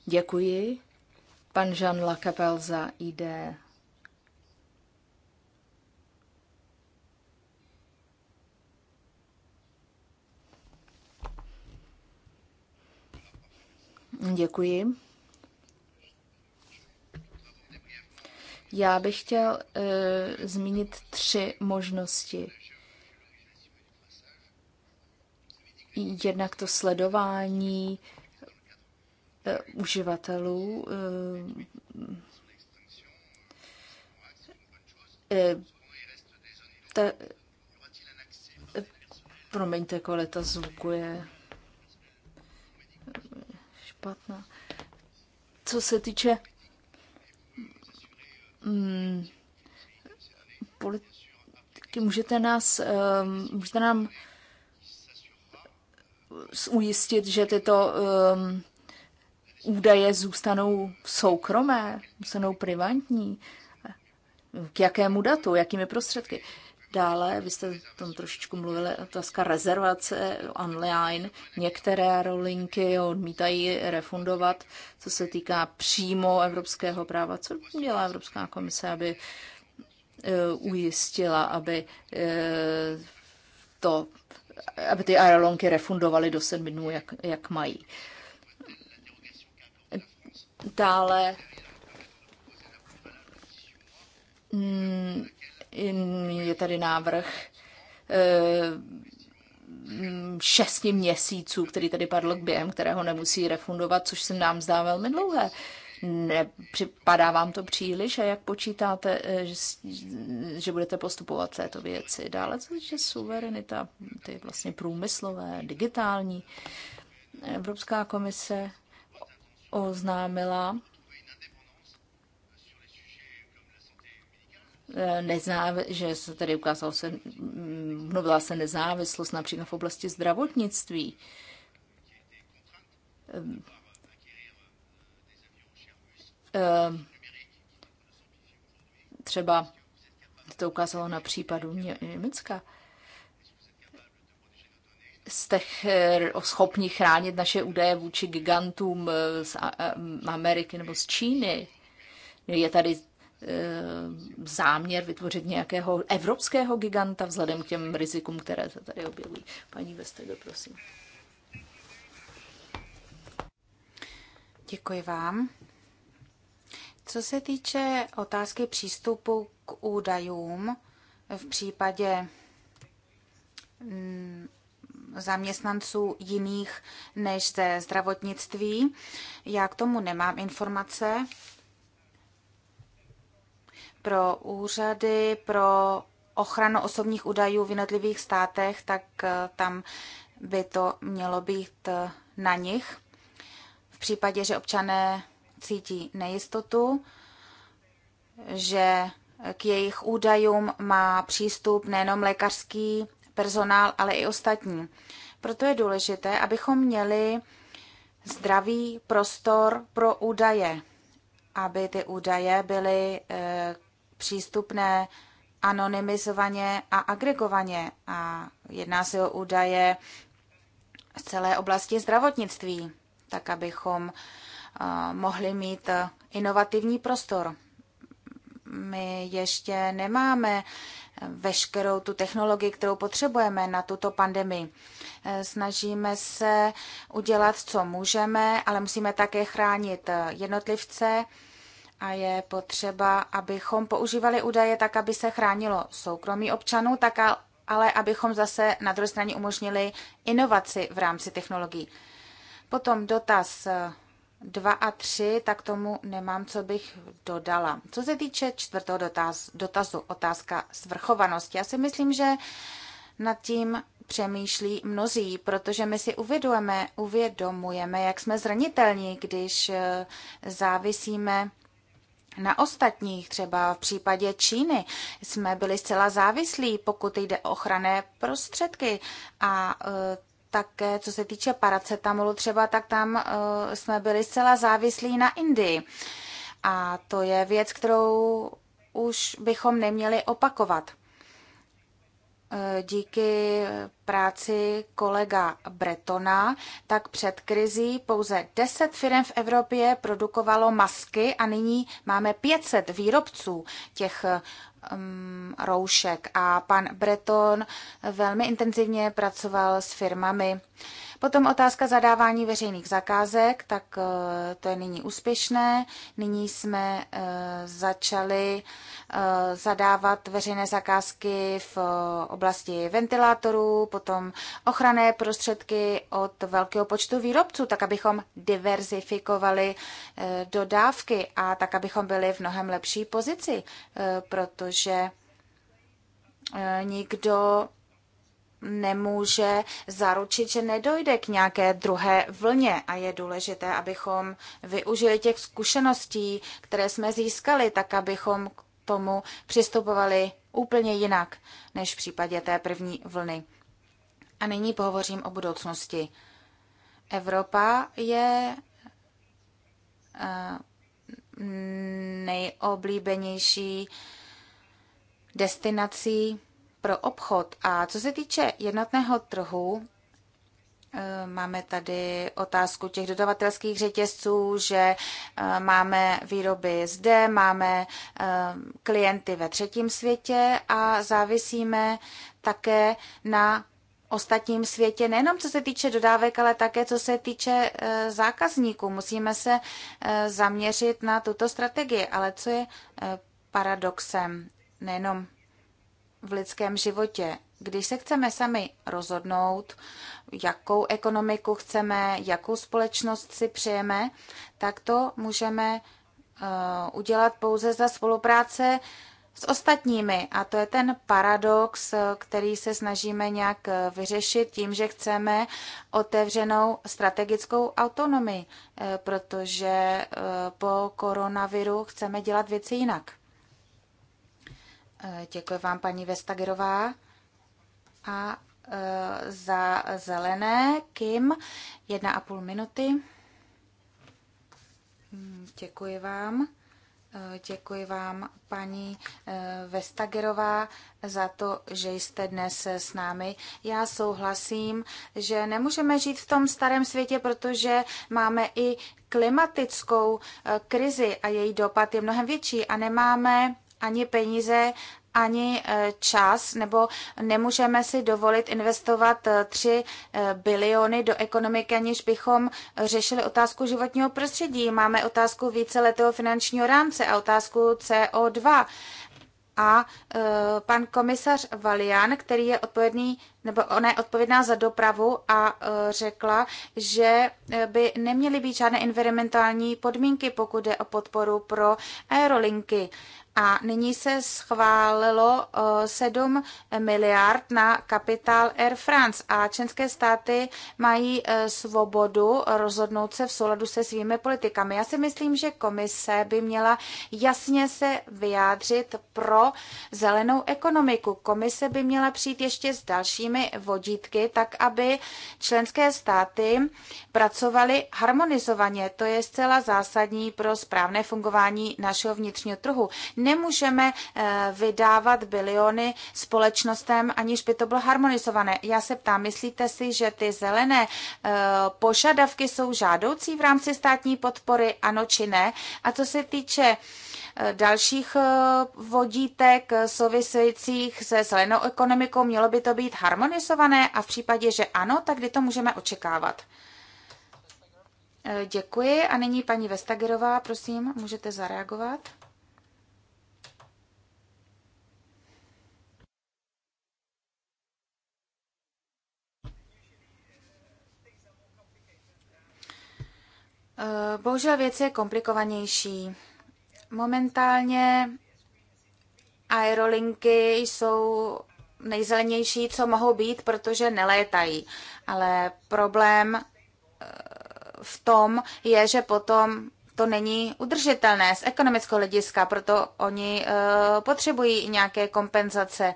Děkuji. Pan Jean Lacapelle za ID. Děkuji. Já bych chtěl uh, zmínit tři možnosti. Jednak to sledování uh, uživatelů, uh, ta, promiňte, kolik to zvukuje špatná. Co se týče mm, politiky, můžete nás, um, můžete nám ujistit, že tyto um, údaje zůstanou soukromé, zůstanou privátní. K jakému datu, jakými prostředky? Uh, Dále, vy jste o tom trošičku mluvili, otázka rezervace online. Některé rolinky odmítají refundovat, co se týká přímo evropského práva. Co dělá Evropská komise, aby e, ujistila, aby e, to, aby ty aerolonky refundovaly do sedmi dnů, jak, jak mají. Dále mm, je tady návrh eh, šesti měsíců, který tady padl během kterého nemusí refundovat, což se nám zdá velmi dlouhé. Nepřipadá vám to příliš a jak počítáte, eh, že, že budete postupovat v této věci? Dále, co je suverenita, ty vlastně průmyslové, digitální. Evropská komise oznámila Eh, nezáv, že se tady ukázalo, se, mm, mluvila se nezávislost například v oblasti zdravotnictví. Ehm, ehm, třeba to ukázalo na případu Německa. Jste schopni chránit naše údaje vůči gigantům eh, z Ameriky nebo z Číny. Je tady Eh, záměr vytvořit nějakého evropského giganta vzhledem k těm rizikům, které se tady objevují. Paní Vestego, prosím. Děkuji vám. Co se týče otázky přístupu k údajům v případě mm, zaměstnanců jiných než ze zdravotnictví, já k tomu nemám informace, pro úřady, pro ochranu osobních údajů v jednotlivých státech, tak eh, tam by to mělo být eh, na nich. V případě, že občané cítí nejistotu, že k jejich údajům má přístup nejenom lékařský personál, ale i ostatní. Proto je důležité, abychom měli zdravý prostor pro údaje, aby ty údaje byly eh, přístupné anonymizovaně a agregovaně. A jedná se o údaje z celé oblasti zdravotnictví, tak abychom eh, mohli mít eh, inovativní prostor. My ještě nemáme eh, veškerou tu technologii, kterou potřebujeme na tuto pandemii. Snažíme se udělat, co můžeme, ale musíme také chránit jednotlivce a je potřeba, abychom používali údaje tak, aby se chránilo soukromí občanů, tak ale abychom zase na druhé straně umožnili inovaci v rámci technologií. Potom dotaz 2 eh, a 3, tak tomu nemám, co bych dodala. Co se týče čtvrtého dotaz, dotazu, otázka svrchovanosti, já si myslím, že nad tím přemýšlí mnozí, protože my si uvědomujeme, uvědomujeme, jak jsme zranitelní, když eh, závisíme na ostatních. Třeba v případě Číny jsme byli zcela závislí, pokud jde o ochranné prostředky a e, také co se týče paracetamolu třeba, tak tam e, jsme byli zcela závislí na Indii. A to je věc, kterou už bychom neměli opakovat. Eh, díky práci kolega Bretona, tak před krizí pouze 10 firm v Evropě produkovalo masky a nyní máme 500 výrobců těch um, roušek. A pan Breton velmi intenzivně pracoval s firmami Potom otázka zadávání veřejných zakázek, tak eh, to je nyní úspěšné. Nyní jsme eh, začali eh, zadávat veřejné zakázky v oblasti ventilátorů, potom ochranné prostředky od velkého počtu výrobců, tak abychom diverzifikovali dodávky a tak, abychom byli v mnohem lepší pozici, protože nikdo nemůže zaručit, že nedojde k nějaké druhé vlně a je důležité, abychom využili těch zkušeností, které jsme získali, tak abychom k tomu přistupovali úplně jinak než v případě té první vlny. A nyní pohovořím o budoucnosti. Evropa je eh, nejoblíbenější destinací pro obchod. A co se týče jednotného trhu, eh, Máme tady otázku těch dodavatelských řetězců, že eh, máme výroby zde, máme eh, klienty ve třetím světě a závisíme také na ostatním světě, nejenom co se týče dodávek, ale také co se týče zákazníků. Musíme se zaměřit na tuto strategii, ale co je paradoxem, nejenom v lidském životě. Když se chceme sami rozhodnout, jakou ekonomiku chceme, jakou společnost si přejeme, tak to můžeme eh, udělat pouze za spolupráce s ostatními. A to je ten paradox, eh, který se snažíme nějak eh, vyřešit tím, že chceme otevřenou strategickou autonomii, protože po koronaviru chceme dělat věci jinak. Eh, děkuji vám, paní Vestagerová. A eh, za zelené Kim, jedna a půl minuty. Hmm, děkuji vám. Eh, děkuji vám, paní Vestagerová, za to, že jste dnes s námi. Já souhlasím, že nemůžeme žít v tom starém světě, protože máme i klimatickou krizi a její dopad je mnohem větší a nemáme ani peníze, ani eh, čas, nebo nemůžeme si dovolit investovat 3 eh, eh, biliony do ekonomiky, aniž bychom řešili otázku životního prostředí. Máme otázku víceletého finančního rámce a otázku CO2. A pan komisař Valian, který je odpovědný, nebo ona je odpovědná za dopravu a řekla, že by neměly být žádné environmentální podmínky, pokud je o podporu pro aerolinky. A nyní se schválilo 7 eh, miliard na kapitál Air France a členské státy mají eh, svobodu rozhodnout se v souladu se svými politikami. Já si myslím, že komise by měla jasně se vyjádřit pro zelenou ekonomiku. Komise by měla přijít ještě s dalšími vodítky, tak aby členské státy pracovaly harmonizovaně. To je zcela zásadní pro správné fungování našeho vnitřního trhu. Ne nemůžeme eh, vydávat biliony společnostem, aniž by to bylo harmonizované. Já se ptám, myslíte si, že ty zelené eh, požadavky jsou žádoucí v rámci státní podpory, ano či ne? A co se týče eh, dalších vodítek souvisejících se zelenou ekonomikou, mělo by to být harmonizované a v případě, že ano, tak kdy to můžeme očekávat? Děkuji a nyní paní Vestagerová, prosím, můžete zareagovat. Eh, bohužel věc je komplikovanější. Momentálně aerolinky jsou nejzelenější, co mohou být, protože nelétají. Ale problém eh, v tom je, že potom to není udržitelné z ekonomického hlediska, proto oni eh, potřebují nějaké kompenzace,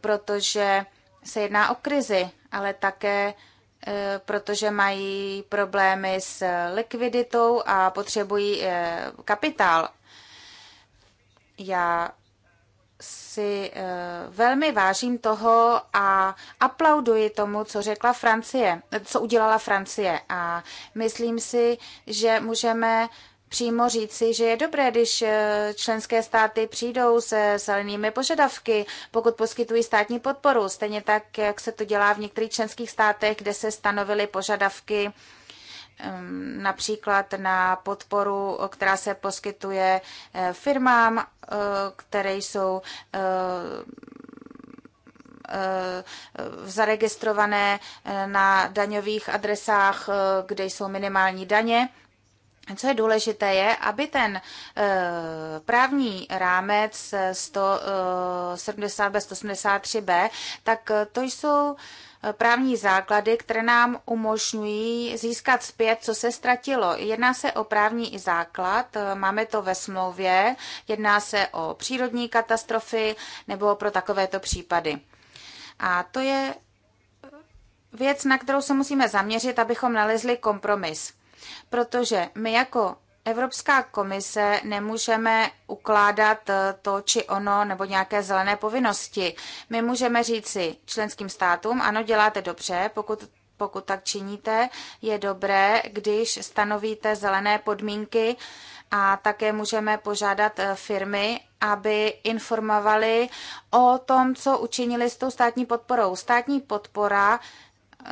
protože se jedná o krizi, ale také Eh, protože mají problémy s likviditou a potřebují eh, kapitál. Já si eh, velmi vážím toho a aplauduji tomu, co řekla Francie, co udělala Francie. A myslím si, že můžeme přímo říci, že je dobré, když eh, členské státy přijdou se zelenými požadavky, pokud poskytují státní podporu, stejně tak, jak se to dělá v některých členských státech, kde se stanovily požadavky ehm, například na podporu, která se poskytuje eh, firmám, eh, které jsou zaregistrované na daňových adresách, kde jsou minimální daně co je důležité, je, aby ten eh, právní rámec 170 bez 183b, tak eh, to jsou eh, právní základy, které nám umožňují získat zpět, co se ztratilo. Jedná se o právní základ, máme to ve smlouvě, jedná se o přírodní katastrofy nebo pro takovéto případy. A to je věc, na kterou se musíme zaměřit, abychom nalezli kompromis protože my jako Evropská komise nemůžeme ukládat eh, to či ono nebo nějaké zelené povinnosti. My můžeme říci členským státům, ano, děláte dobře, pokud pokud tak činíte, je dobré, když stanovíte zelené podmínky a také můžeme požádat eh, firmy, aby informovali o tom, co učinili s tou státní podporou. Státní podpora eh,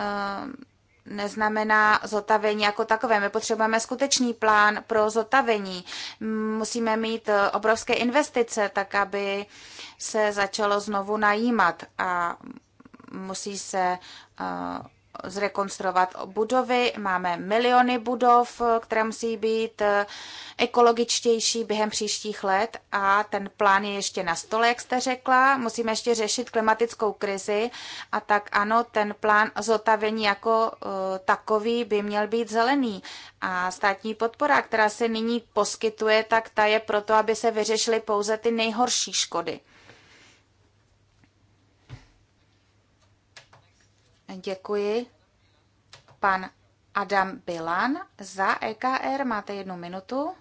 neznamená zotavení jako takové. My potřebujeme skutečný plán pro zotavení. Musíme mít eh, obrovské investice, tak aby se začalo znovu najímat a musí se eh, zrekonstruovat budovy. Máme miliony budov, které musí být eh, ekologičtější během příštích let a ten plán je ještě na stole, jak jste řekla. Musíme ještě řešit klimatickou krizi a tak ano, ten plán zotavení jako eh, takový by měl být zelený. A státní podpora, která se nyní poskytuje, tak ta je proto, aby se vyřešily pouze ty nejhorší škody. Děkuji. Pan Adam Bilan za EKR. Máte jednu minutu.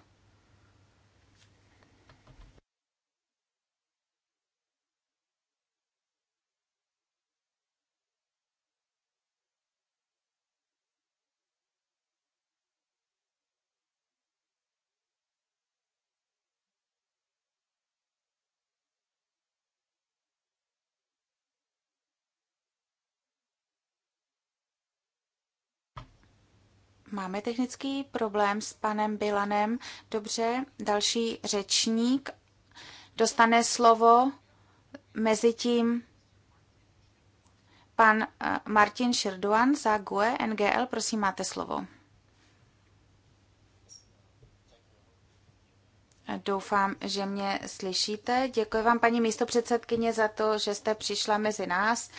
Máme technický problém s panem Bilanem. Dobře, další řečník dostane slovo. Mezitím pan eh, Martin Širduan za GUE NGL, prosím, máte slovo. Doufám, že mě slyšíte. Děkuji vám, paní místopředsedkyně, za to, že jste přišla mezi nás.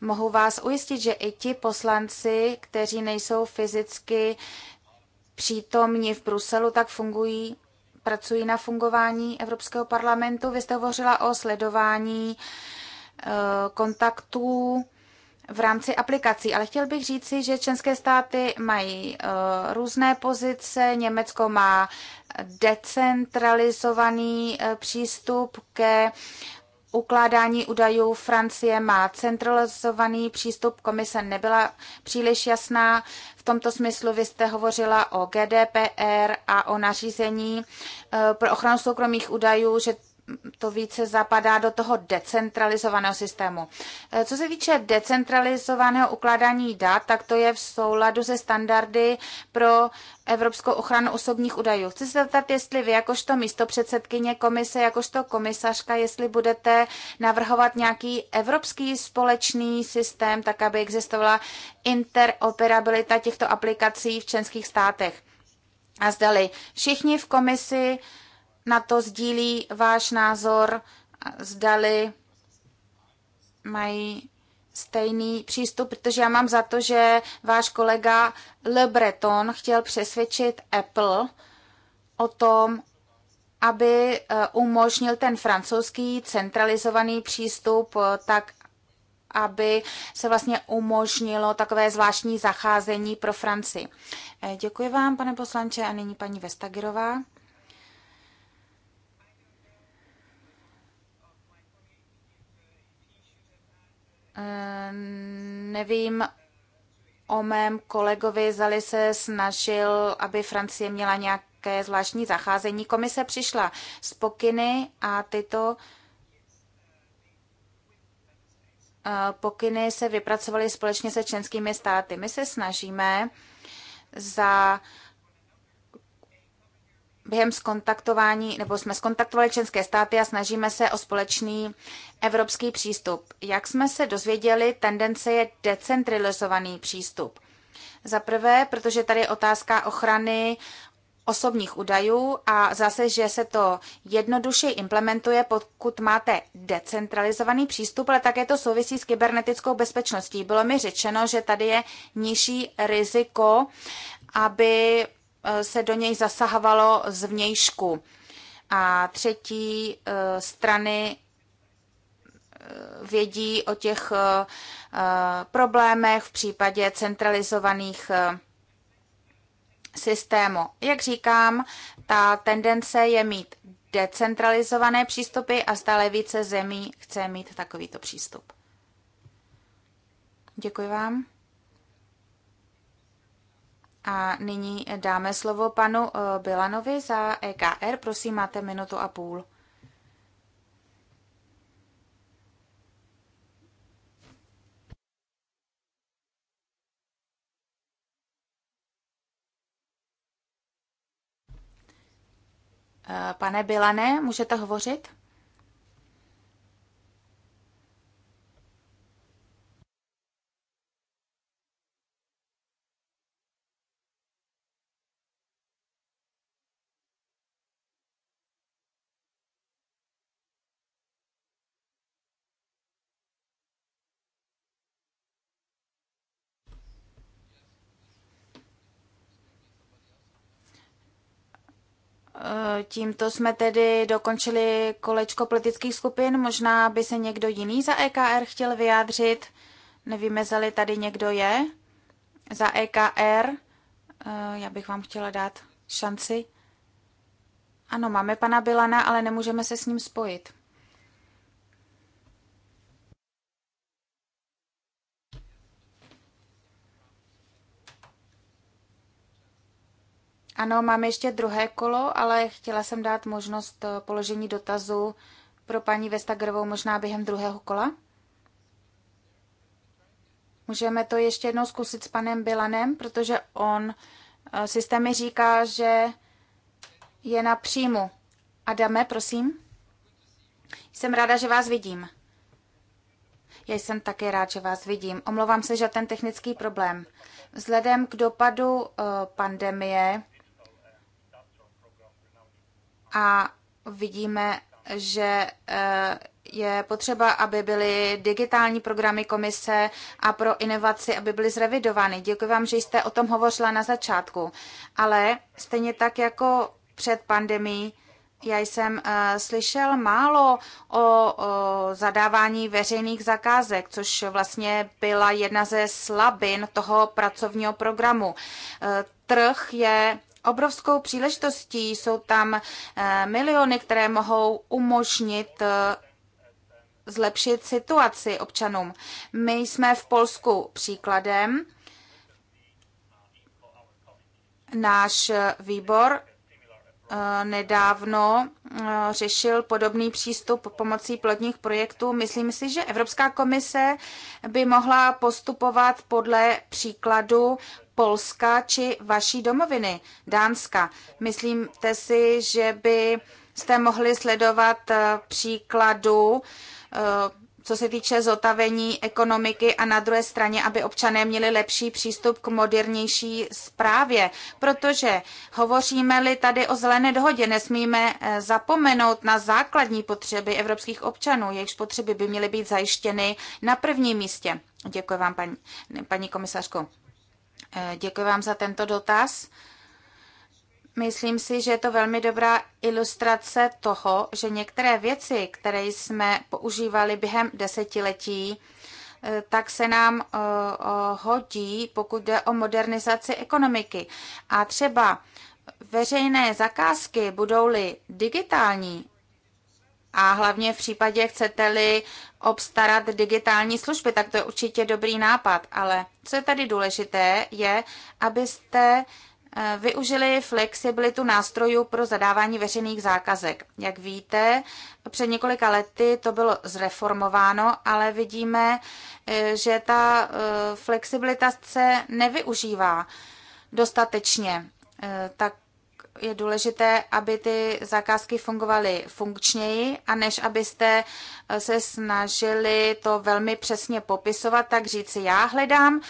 Mohu vás ujistit, že i ti poslanci, kteří nejsou fyzicky přítomní v Bruselu, tak fungují, pracují na fungování Evropského parlamentu. Vy jste hovořila o sledování eh, kontaktů v rámci aplikací, ale chtěl bych říci, že členské státy mají uh, různé pozice. Německo má decentralizovaný uh, přístup ke ukládání údajů. Francie má centralizovaný přístup. Komise nebyla příliš jasná. V tomto smyslu vy jste hovořila o GDPR a o nařízení eh, pro ochranu soukromých údajů, že to více zapadá do toho decentralizovaného systému. Eh, co se týče decentralizovaného ukládání dat, tak to je v souladu se standardy pro Evropskou ochranu osobních údajů. Chci se zeptat, jestli vy jakožto místo předsedkyně komise, jakožto komisařka, jestli budete navrhovat nějaký evropský společný systém, tak aby existovala interoperabilita těchto aplikací v členských státech. A zdali všichni v komisi na to sdílí váš názor, zdali mají stejný přístup, protože já mám za to, že váš kolega Le Breton chtěl přesvědčit Apple o tom, aby eh, umožnil ten francouzský centralizovaný přístup eh, tak, aby se vlastně umožnilo takové zvláštní zacházení pro Francii. Eh, děkuji vám, pane poslanče, a nyní paní Vestagirová. Ehm, nevím o mém kolegovi, zali se snažil, aby Francie měla nějaké zvláštní zacházení. Komise přišla z pokyny a tyto eh, pokyny se vypracovaly společně se členskými státy. My se snažíme za uh, během skontaktování, nebo jsme skontaktovali členské státy a snažíme se o společný evropský přístup. Jak jsme se dozvěděli, tendence je decentralizovaný přístup. Za prvé, protože tady je otázka ochrany osobních údajů a zase, že se to jednoduše implementuje, pokud máte decentralizovaný přístup, ale také to souvisí s kybernetickou bezpečností. Bylo mi řečeno, že tady je nižší riziko, aby Eh, se do něj zasahovalo zvnějšku. A třetí eh, strany eh, vědí o těch problémech v případě centralizovaných systému. Jak říkám, ta tendence je mít decentralizované přístupy a stále více zemí chce mít takovýto přístup. Děkuji vám. A nyní dáme slovo panu eh, Bilanovi za EKR. Prosím, máte minutu a půl. Eh, pane Bilane, můžete hovořit? Tímto jsme tedy dokončili kolečko politických skupin. Možná by se někdo jiný za EKR chtěl vyjádřit. Nevíme, zali tady někdo je. Za EKR. Eh, já bych vám chtěla dát šanci. Ano, máme pana Bilana, ale nemůžeme se s ním spojit. Ano, máme ještě druhé kolo, ale chtěla jsem dát možnost eh, položení dotazu pro paní Vestagerovou možná během druhého kola. Můžeme to ještě jednou zkusit s panem Bilanem, protože on eh, systémy říká, že je na příjmu. Adame, prosím. Jsem ráda, že vás vidím. Já jsem také rád, že vás vidím. Omlouvám se, že ten technický problém. Vzhledem k dopadu eh, pandemie a vidíme, že eh, je potřeba, aby byly digitální programy komise a pro inovaci, aby byly zrevidovány. Děkuji vám, že jste o tom hovořila na začátku. Ale stejně tak jako před pandemí, já jsem uh, slyšel málo o, o zadávání veřejných zakázek, což vlastně byla jedna ze slabin toho pracovního programu. Uh, trh je obrovskou příležitostí. Jsou tam eh, miliony, které mohou umožnit eh, zlepšit situaci občanům. My jsme v Polsku příkladem. Náš eh, výbor Eh, nedávno eh, řešil podobný přístup pomocí plodních projektů. Myslím si, že Evropská komise by mohla postupovat podle příkladu Polska či vaší domoviny, Dánska. Myslíte si, že by jste mohli sledovat eh, příkladu co se týče zotavení ekonomiky a na druhé straně, aby občané měli lepší přístup k modernější zprávě, protože hovoříme-li tady o zelené dohodě, nesmíme eh, zapomenout na základní potřeby evropských občanů, jejichž potřeby by měly být zajištěny na prvním místě. Děkuji vám, paní, paní komisařko. Eh, děkuji vám za tento dotaz. Myslím si, že je to velmi dobrá ilustrace toho, že některé věci, které jsme používali během desetiletí, eh, tak se nám eh, hodí, pokud jde o modernizaci ekonomiky. A třeba veřejné zakázky budou-li digitální, a hlavně v případě, chcete-li obstarat digitální služby, tak to je určitě dobrý nápad. Ale co je tady důležité, je, abyste Eh, využili flexibilitu nástrojů pro zadávání veřejných zákazek. Jak víte, před několika lety to bylo zreformováno, ale vidíme, eh, že ta eh, flexibilita se nevyužívá dostatečně. Tak je důležité, aby ty zakázky fungovaly funkčněji a než abyste eh, se snažili to velmi přesně popisovat, tak říci, já hledám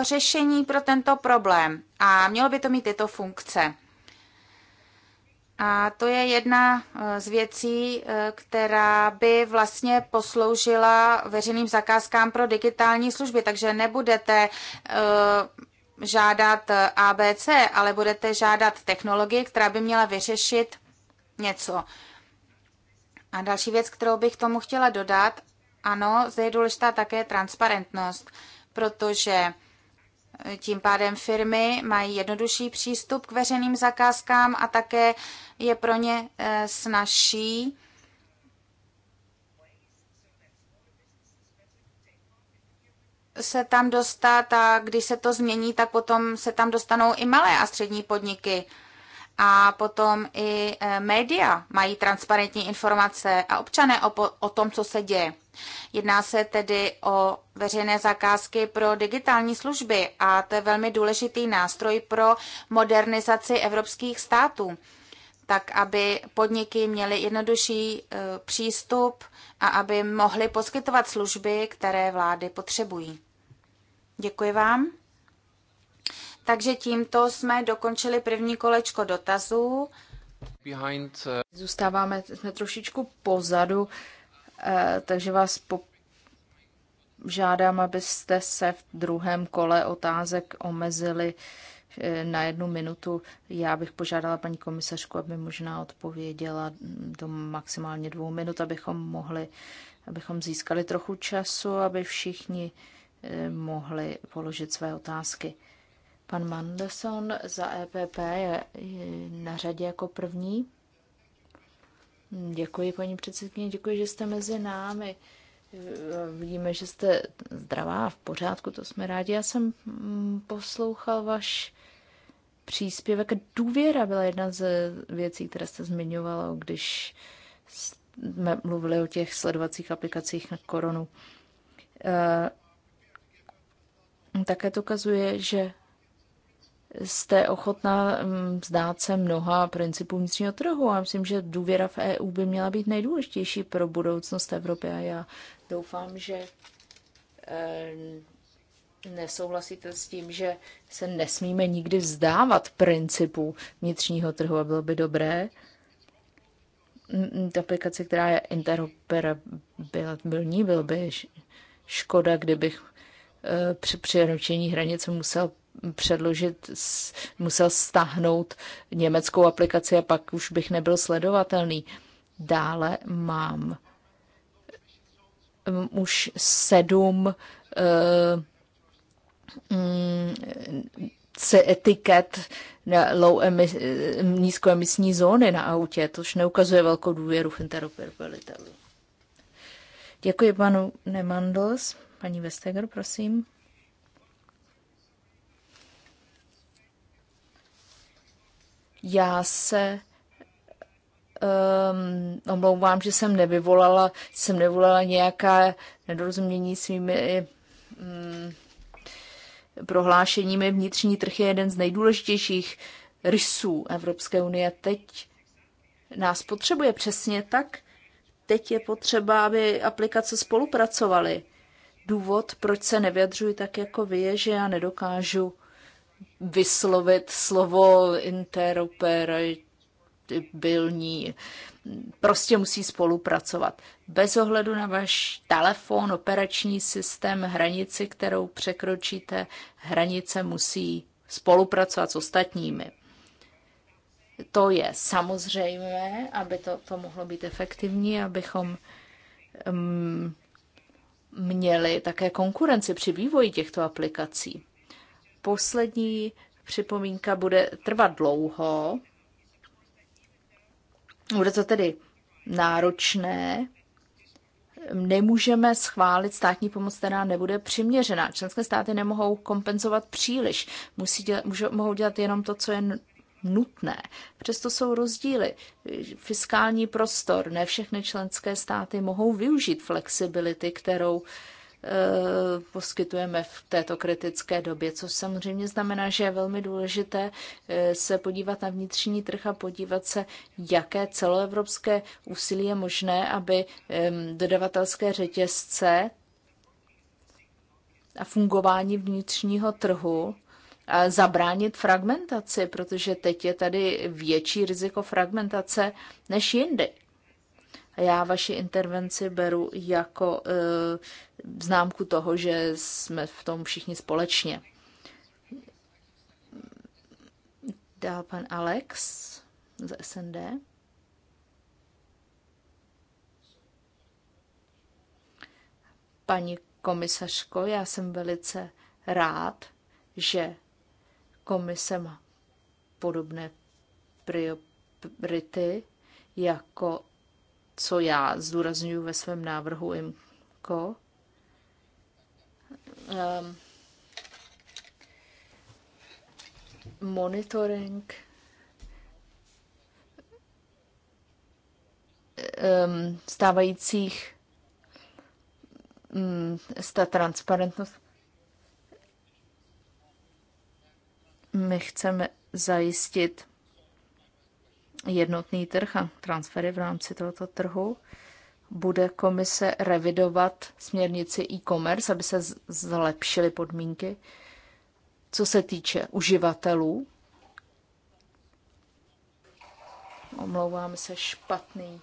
eh, řešení pro tento problém a mělo by to mít tyto funkce. A to je jedna eh, z věcí, která by vlastně posloužila veřejným zakázkám pro digitální služby. Takže nebudete žádat eh, ABC, ale budete žádat technologii, která by měla vyřešit něco. A další věc, kterou bych tomu chtěla dodat, ano, zde je důležitá také transparentnost, protože eh, tím pádem firmy mají jednodušší přístup k veřejným zakázkám a také je pro ně eh, snažší se tam dostat a když se to změní, tak potom se tam dostanou i malé a střední podniky. A potom i e, média mají transparentní informace a občané o, o tom, co se děje. Jedná se tedy o veřejné zakázky pro digitální služby a to je velmi důležitý nástroj pro modernizaci evropských států tak aby podniky měly jednodušší eh, přístup a aby mohly poskytovat služby, které vlády potřebují. Děkuji vám. Takže tímto jsme dokončili první kolečko dotazů. Behind, eh, Zůstáváme jsme trošičku pozadu, eh, takže vás po, žádám, abyste se v druhém kole otázek omezili Eh, na jednu minutu. Já bych požádala paní komisařku, aby možná odpověděla do maximálně dvou minut, abychom mohli, abychom získali trochu času, aby všichni eh, mohli položit své otázky. Pan Mandelson za EPP je na řadě jako první. Děkuji, paní předsedkyně, děkuji, že jste mezi námi. Vidíme, že jste zdravá a v pořádku, to jsme rádi. Já jsem mm, poslouchal vaš příspěvek. Důvěra byla jedna z věcí, které jste zmiňovala, když jsme mluvili o těch sledovacích aplikacích na koronu. Eh, také to ukazuje, že jste ochotná mm, vzdát se mnoha principů vnitřního trhu a myslím, že důvěra v EU by měla být nejdůležitější pro budoucnost Evropy a já doufám, že eh, nesouhlasíte s tím, že se nesmíme nikdy vzdávat principů vnitřního trhu a bylo by dobré mm, ta aplikace, která je interoperabilní, bylo by škoda, kdybych eh, při přiručení hranice musel předložit, musel stáhnout německou aplikaci a pak už bych nebyl sledovatelný. Dále mám už sedm uh, etiket na low emis, nízkoemisní zóny na autě, což neukazuje velkou důvěru v interoperabilitu. Děkuji panu Nemandls. Paní Vestager, prosím. Já se um, omlouvám, že jsem nevyvolala, jsem nevolala nějaká nedorozumění svými um, prohlášeními. Vnitřní trh je jeden z nejdůležitějších rysů Evropské unie. Teď nás potřebuje přesně tak. Teď je potřeba, aby aplikace spolupracovaly. Důvod, proč se nevyjadřuji tak jako vy, je, že já nedokážu vyslovit slovo interoperabilní. Prostě musí spolupracovat. Bez ohledu na váš telefon, operační systém, hranici, kterou překročíte, hranice musí spolupracovat s ostatními. To je samozřejmé, aby to, to mohlo být efektivní, abychom um, měli také konkurenci při vývoji těchto aplikací poslední připomínka bude trvat dlouho. Bude to tedy náročné. Nemůžeme schválit státní pomoc, která nebude přiměřená. Členské státy nemohou kompenzovat příliš. Musí dělat, můžou, mohou dělat jenom to, co je nutné. Přesto jsou rozdíly. Fiskální prostor. Ne všechny členské státy mohou využít flexibility, kterou uh, Eh, poskytujeme v této kritické době, což samozřejmě znamená, že je velmi důležité eh, se podívat na vnitřní trh a podívat se, jaké celoevropské úsilí je možné, aby dodavatelské řetězce a fungování vnitřního trhu a zabránit fragmentaci, protože teď je tady větší riziko fragmentace než jindy. Já vaši intervenci beru jako e, známku toho, že jsme v tom všichni společně. Dál pan Alex z SND. Paní komisařko, já jsem velice rád, že komise má podobné priority jako co já zdůraznuju ve svém návrhu IMKO. Um, ehm, monitoring um, stávajících um, mm, ta transparentnost. My chceme zajistit jednotný trh a transfery v rámci tohoto trhu. Bude komise revidovat směrnici e-commerce, aby se zlepšily podmínky, co se týče uživatelů. Omlouvám se špatný,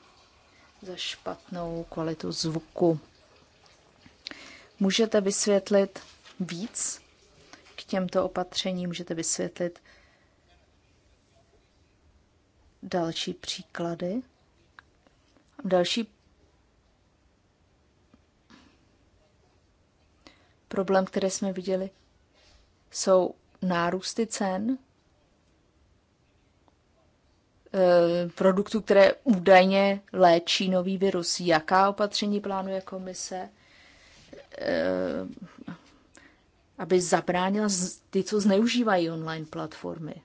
za špatnou kvalitu zvuku. Můžete vysvětlit víc k těmto opatřením? Můžete vysvětlit, další příklady. Další problém, které jsme viděli, jsou nárůsty cen eh, produktů, které údajně léčí nový virus. Jaká opatření plánuje komise, eh, aby zabránila ty, co zneužívají online platformy?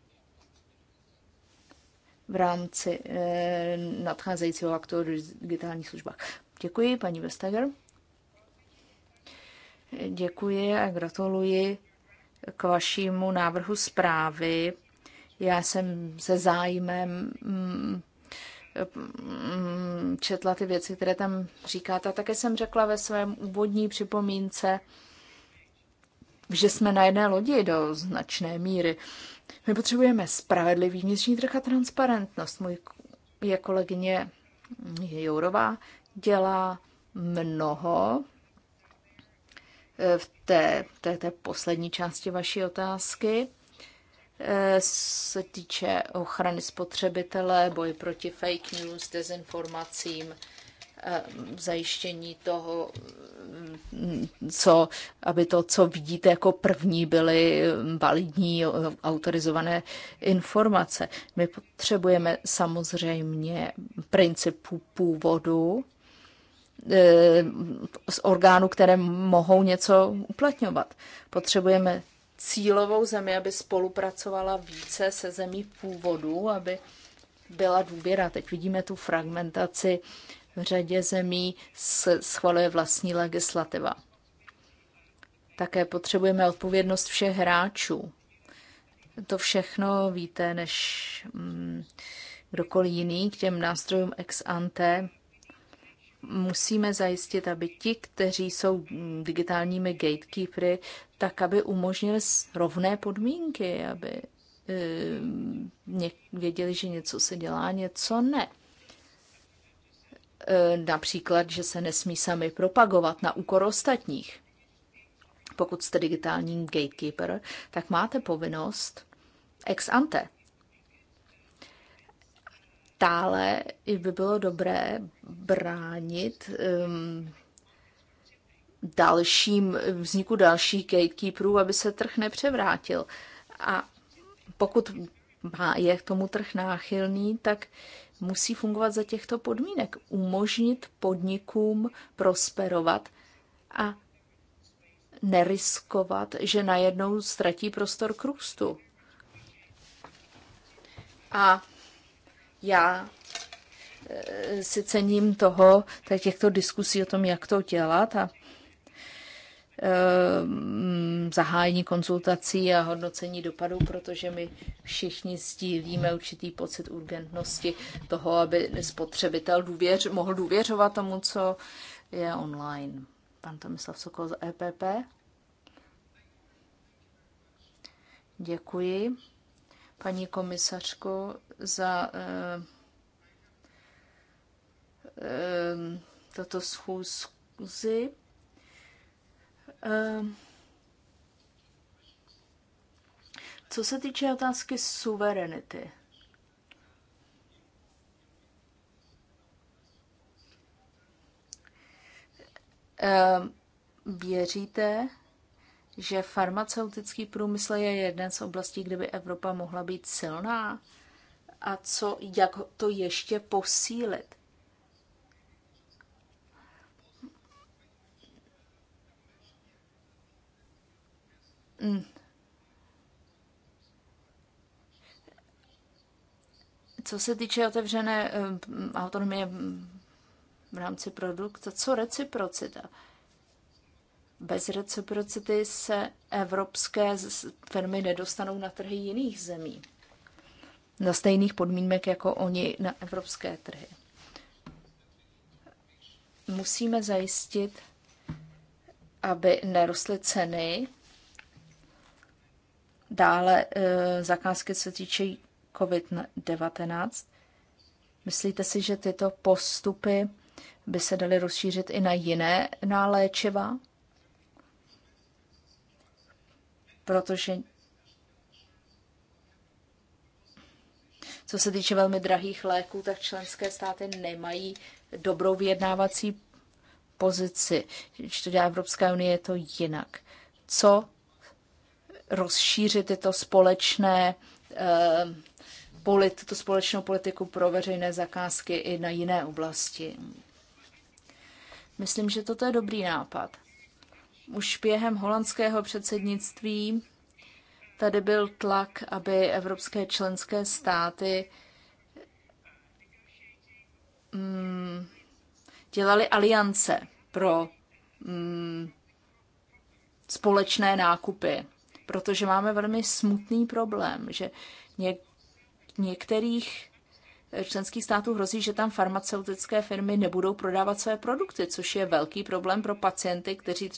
v rámci eh, nadcházejícího aktu v digitálních službách. Děkuji, paní Vestager. Děkuji a gratuluji k vašímu návrhu zprávy. Já jsem se zájmem mm, mm, četla ty věci, které tam říkáte. A také jsem řekla ve svém úvodní připomínce, že jsme na jedné lodi do značné míry. My potřebujeme spravedlivý vnitřní trh a transparentnost. Můj je kolegyně Jourová dělá mnoho eh, v té, té, té poslední části vaší otázky eh, se týče ochrany spotřebitele, boj proti fake news, dezinformacím, Eh, zajištění toho, mm, co, aby to, co vidíte jako první, byly mm, validní, eh, autorizované informace. My potřebujeme samozřejmě principu původu eh, z orgánů, které mohou něco uplatňovat. Potřebujeme cílovou zemi, aby spolupracovala více se zemí původu, aby byla důvěra. Teď vidíme tu fragmentaci v řadě zemí se schvaluje vlastní legislativa. Také potřebujeme odpovědnost všech hráčů. To všechno víte, než mm, kdokoliv jiný k těm nástrojům ex ante. Musíme zajistit, aby ti, kteří jsou digitálními gatekeepery, tak aby umožnili rovné podmínky, aby eh, věděli, že něco se dělá, něco ne. Eh, například, že se nesmí sami propagovat na úkor ostatních. Pokud jste digitální gatekeeper, tak máte povinnost ex ante. Dále by bylo dobré bránit um, dalším, vzniku dalších gatekeeperů, aby se trh nepřevrátil. A pokud má, je k tomu trh náchylný, tak musí fungovat za těchto podmínek. Umožnit podnikům prosperovat a neriskovat, že najednou ztratí prostor k růstu. A já eh, si cením toho, těchto diskusí o tom, jak to dělat a Ehm, zahájení konzultací a hodnocení dopadů, protože my všichni sdílíme určitý pocit urgentnosti toho, aby spotřebitel důvěř, mohl důvěřovat tomu, co je online. Pan Tomislav Sokol z EPP. Děkuji, paní komisařko, za eh, eh, toto schůzku Eh, co se týče otázky suverenity, eh, věříte, že farmaceutický průmysl je jedna z oblastí, kde by Evropa mohla být silná? A co, jak to ještě posílit? Mm. Co se týče otevřené eh, autonomie mm, v rámci produktu, co reciprocita? Bez reciprocity se evropské firmy nedostanou na trhy jiných zemí. Na stejných podmínek jako oni na evropské trhy. Musíme zajistit, aby nerostly ceny Dále e, zakázky se týče COVID-19. Myslíte si, že tyto postupy by se daly rozšířit i na jiné náléčiva? Protože co se týče velmi drahých léků, tak členské státy nemají dobrou vyjednávací pozici. Když to dělá Evropská unie, je to jinak. Co rozšířit tyto společné eh, polit, tu společnou politiku pro veřejné zakázky i na jiné oblasti. Myslím, že toto je dobrý nápad. Už během holandského předsednictví tady byl tlak, aby evropské členské státy mm, dělali aliance pro mm, společné nákupy protože máme velmi smutný problém, že něk- některých eh, členských států hrozí, že tam farmaceutické firmy nebudou prodávat své produkty, což je velký problém pro pacienty, kteří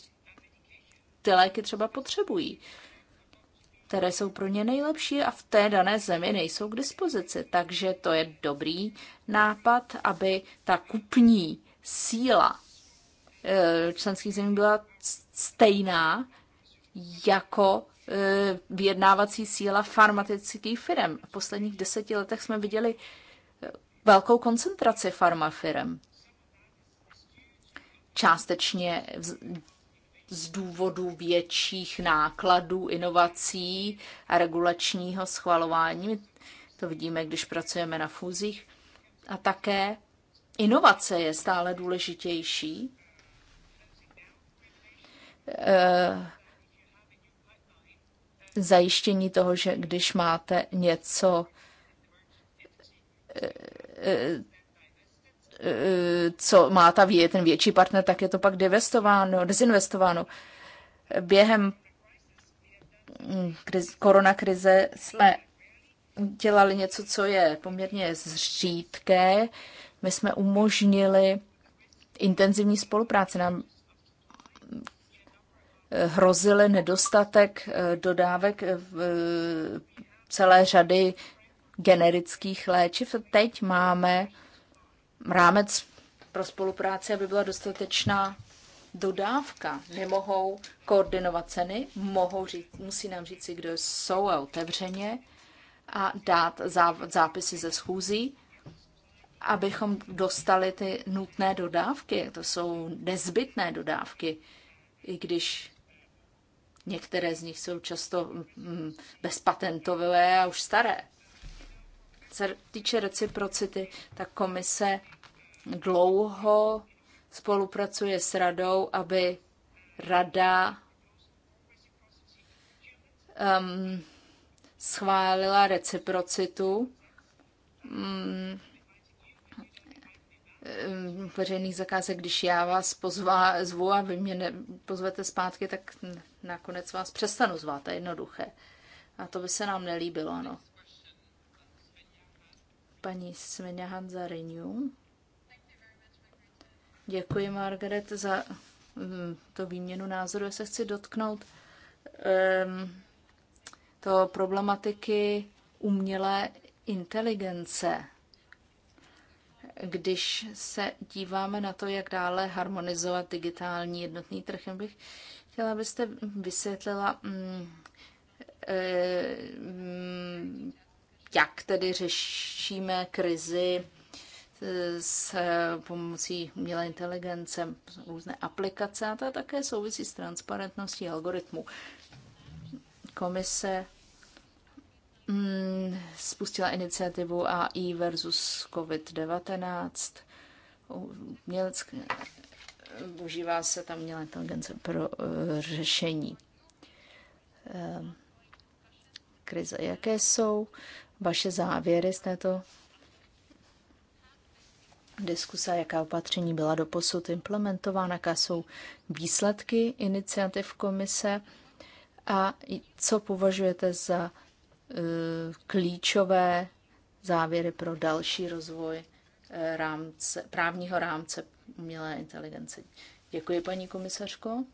ty léky třeba potřebují, které jsou pro ně nejlepší a v té dané zemi nejsou k dispozici. Takže to je dobrý nápad, aby ta kupní síla eh, členských zemí byla stejná jako Eh, vyjednávací síla farmaceutických firm. V posledních deseti letech jsme viděli eh, velkou koncentraci farmafirm. Částečně z důvodu větších nákladů, inovací a regulačního schvalování. To vidíme, když pracujeme na fúzích. A také inovace je stále důležitější. E zajištění toho, že když máte něco, eh, eh, eh, co má ta, ten větší partner, tak je to pak devestováno, dezinvestováno. Během hm, kriz, koronakrize jsme dělali něco, co je poměrně zřídké. My jsme umožnili intenzivní spolupráci. Nám hrozily nedostatek eh, dodávek eh, v eh, celé řady generických léčiv. Teď máme rámec pro spolupráci, aby byla dostatečná dodávka. Nemohou koordinovat ceny, mohou říct, musí nám říct, kdo jsou a otevřeně a dát zápisy ze schůzí, abychom dostali ty nutné dodávky. To jsou nezbytné dodávky, i když Některé z nich jsou často mm, mm, bezpatentové a už staré. Co týče reciprocity, tak komise dlouho spolupracuje s radou, aby rada um, schválila reciprocitu. Um, Eh, veřejných zakázek, když já vás pozvá, zvu a vy mě ne, pozvete zpátky, tak nakonec vás přestanu zvát, to je jednoduché. A to by se nám nelíbilo, ano. Paní Svenja Hanza Renew. Děkuji, Margaret, za mm, to výměnu názoru. Já se chci dotknout um, ehm, to problematiky umělé inteligence když se díváme na to, jak dále harmonizovat digitální jednotný trh, bych chtěla, abyste vysvětlila, mm, eh, mm, jak tedy řešíme krizi eh, s eh, pomocí umělé inteligence, různé aplikace a to také souvisí s transparentností algoritmu. Komise Mm, spustila iniciativu AI versus COVID-19. Umělecké, užívá se tam měla inteligence pro uh, řešení um, krize. Jaké jsou vaše závěry z této diskuse, jaká opatření byla posud implementována, jaké jsou výsledky iniciativ komise a co považujete za Eh, klíčové závěry pro další rozvoj eh, rámce, právního rámce umělé inteligence. Děkuji, paní komisařko.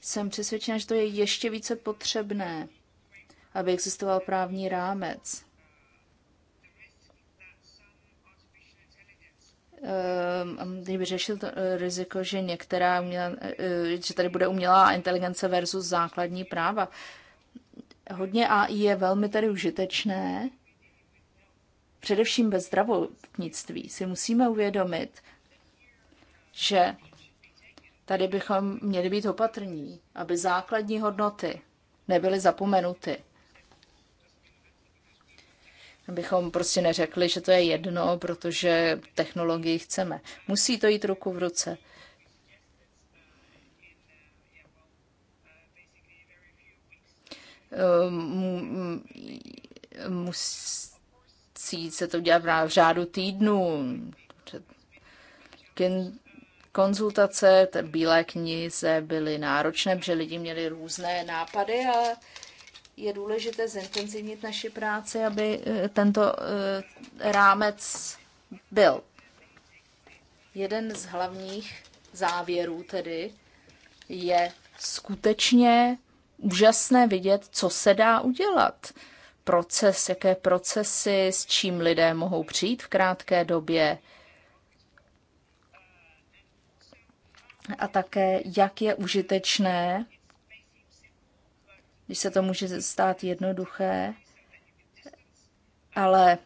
Jsem přesvědčena, že to je ještě více potřebné, aby existoval právní rámec Ehm, kdyby řešil to eh, riziko, že některá umělá, eh, eh, že tady bude umělá inteligence versus základní práva. Hodně AI je velmi tady užitečné, především bez zdravotnictví. Si musíme uvědomit, že tady bychom měli být opatrní, aby základní hodnoty nebyly zapomenuty abychom prostě neřekli, že to je jedno, protože technologii chceme. Musí to jít ruku v ruce. Ehm, mm, musí se to dělat v řádu týdnů. Konzultace té bílé knize byly náročné, protože lidi měli různé nápady a je důležité zintenzivnit naši práci, aby eh, tento eh, rámec byl. Jeden z hlavních závěrů tedy je skutečně úžasné vidět, co se dá udělat. Proces, jaké procesy, s čím lidé mohou přijít v krátké době. A také, jak je užitečné když se to může stát jednoduché, ale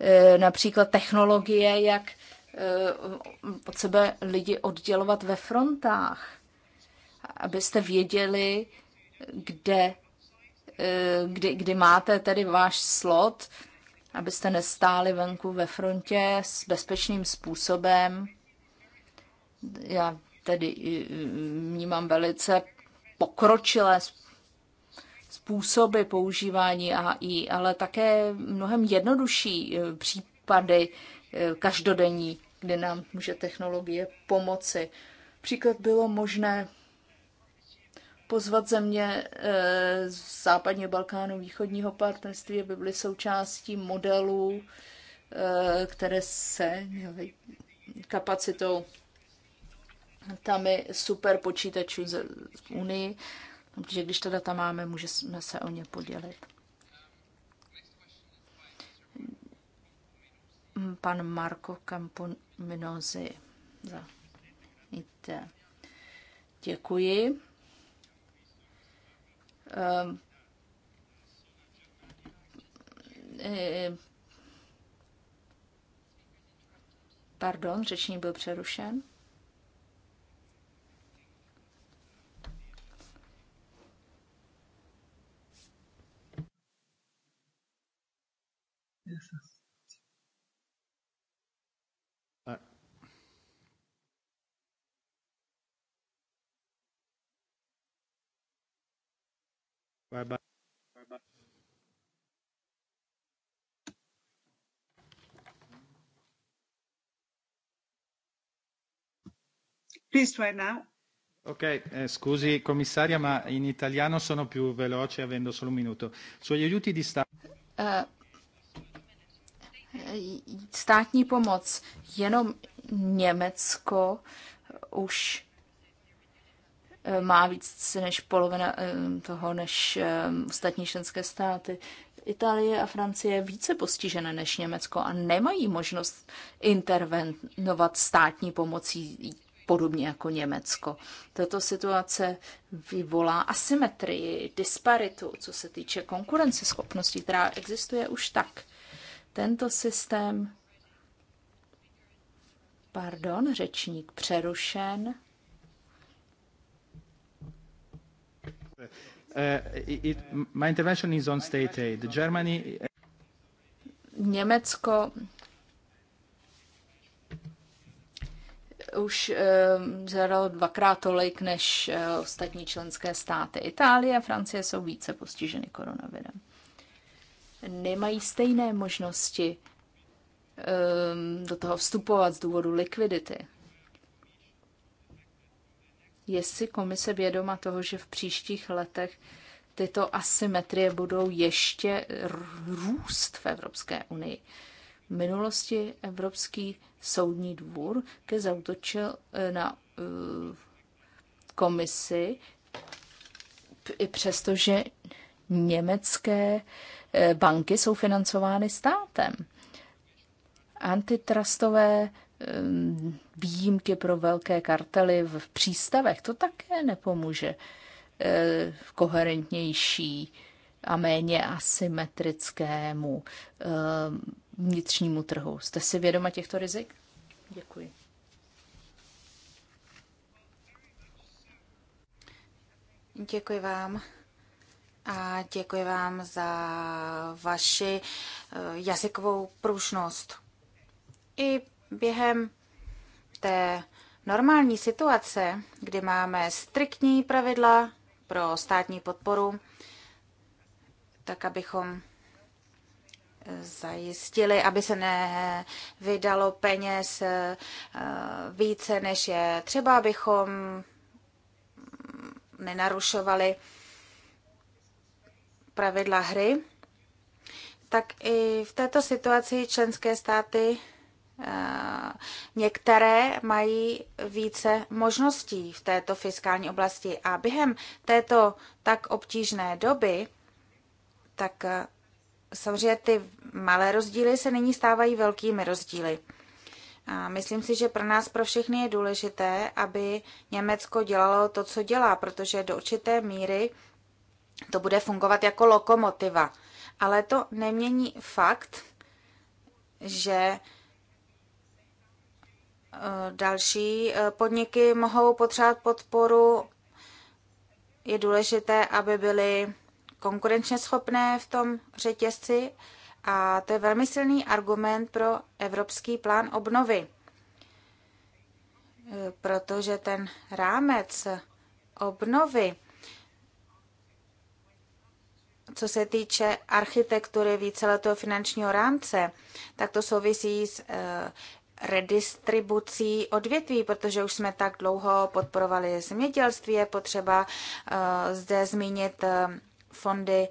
e, například technologie, jak e, od sebe lidi oddělovat ve frontách, abyste věděli, kde, e, kdy, kdy máte tedy váš slot, abyste nestáli venku ve frontě s bezpečným způsobem. Já tedy vnímám velice pokročilé způsoby používání AI, ale také mnohem jednodušší eh, případy eh, každodenní, kdy nám může technologie pomoci. Příklad bylo možné pozvat země eh, z západního Balkánu, východního partnerství, aby byly součástí modelů, které se kapacitou tam je super počítačů z Unii, protože když ta data máme, můžeme se o ně podělit. Pan Marko Camponinozi za Děkuji. Um, pardon, řečník byl přerušen. gracias. Ah. Bye bye. bye, Please try now. Ok, eh, scusi commissaria, ma in italiano sono più veloce avendo solo un minuto. Sugli aiuti di Stato. Uh eh, státní pomoc. Jenom Německo už eh, má víc než polovina eh, toho, než eh, ostatní členské státy. Itálie a Francie je více postižené než Německo a nemají možnost intervenovat státní pomocí podobně jako Německo. Tato situace vyvolá asymetrii, disparitu, co se týče konkurenceschopnosti, která existuje už tak. Tento systém, pardon, řečník přerušen. Uh, intervention is on state aid. Germany... Uh, Německo už uh, zadalo dvakrát tolik než ostatní členské státy. Itálie a Francie jsou více postiženy koronavirem nemají stejné možnosti ehm, do toho vstupovat z důvodu likvidity. Je si komise vědoma toho, že v příštích letech tyto asymetrie budou ještě růst v Evropské unii. V minulosti Evropský soudní dvůr ke zautočil eh, na eh, komisi, i přestože německé E, banky jsou financovány státem. Antitrustové e, výjimky pro velké kartely v přístavech, to také nepomůže e, v koherentnější a méně asymetrickému vnitřnímu trhu. Jste si vědoma těchto rizik? Děkuji. Děkuji vám a děkuji vám za vaši eh, jazykovou pružnost. I během té normální situace, kdy máme striktní pravidla pro státní podporu, tak abychom zajistili, aby se nevydalo peněz eh, více, než je třeba, abychom nenarušovali pravidla hry, tak i v této situaci členské státy eh, Některé mají více možností v této fiskální oblasti a během této tak obtížné doby, tak eh, samozřejmě ty malé rozdíly se nyní stávají velkými rozdíly. A myslím si, že pro nás, pro všechny je důležité, aby Německo dělalo to, co dělá, protože do určité míry to bude fungovat jako lokomotiva. Ale to nemění fakt, že e, další e, podniky mohou potřebovat podporu. Je důležité, aby byly konkurenčně schopné v tom řetězci a to je velmi silný argument pro evropský plán obnovy, e, protože ten rámec obnovy co se týče architektury víceletého finančního rámce, tak to souvisí s eh, redistribucí odvětví, protože už jsme tak dlouho podporovali zemědělství, je potřeba eh, zde zmínit eh, fondy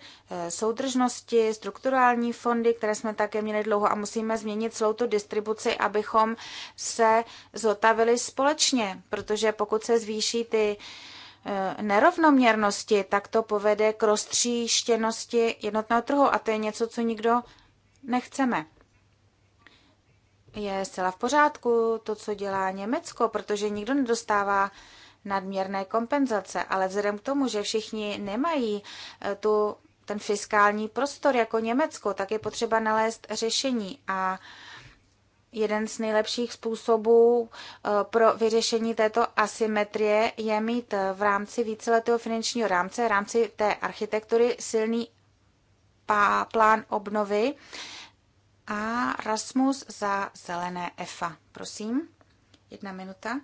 soudržnosti, strukturální fondy, které jsme také měli dlouho a musíme změnit celou tu distribuci, abychom se zotavili společně, protože pokud se zvýší ty uh, Eh, nerovnoměrnosti, tak to povede k roztříštěnosti jednotného trhu a to je něco, co nikdo nechceme. Je zcela v pořádku to, co dělá Německo, protože nikdo nedostává nadměrné kompenzace, ale vzhledem k tomu, že všichni nemají eh, tu, ten fiskální prostor jako Německo, tak je potřeba nalézt řešení a jeden z nejlepších způsobů eh, pro vyřešení této asymetrie je mít eh, v rámci víceletého finančního rámce, v rámci té architektury silný plán obnovy a Rasmus za zelené EFA. Prosím, jedna minuta.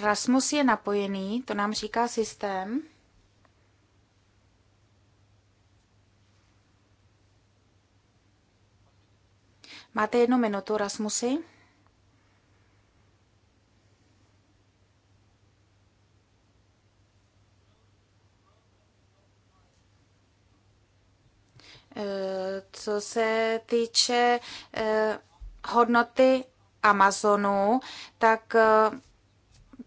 Rasmus je napojený, to nám říká systém. Máte jednu minutu, Rasmusy. Eh, co se týče eh, hodnoty Amazonu, tak eh,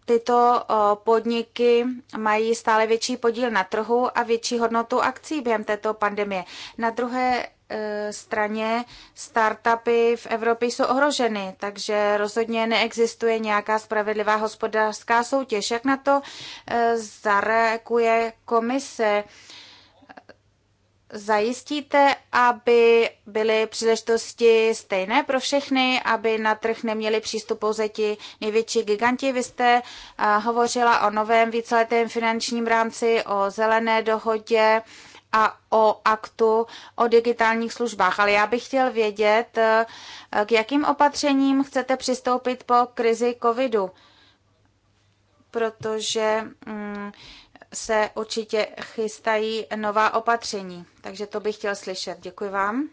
tyto podniky mají stále větší podíl na trhu a větší hodnotu akcí během této pandemie. Na druhé e, straně startupy v Evropě jsou ohroženy, takže rozhodně neexistuje nějaká spravedlivá hospodářská soutěž. Jak na to e, zareaguje komise? Zajistíte, aby byly příležitosti stejné pro všechny, aby na trh neměli přístup pouze ti největší giganti. Vy jste eh, hovořila o novém víceletém finančním rámci, o zelené dohodě a o aktu o digitálních službách. Ale já bych chtěl vědět, eh, k jakým opatřením chcete přistoupit po krizi covidu. Protože. Mm, se určitě chystají nová opatření. Takže to bych chtěl slyšet. Děkuji vám,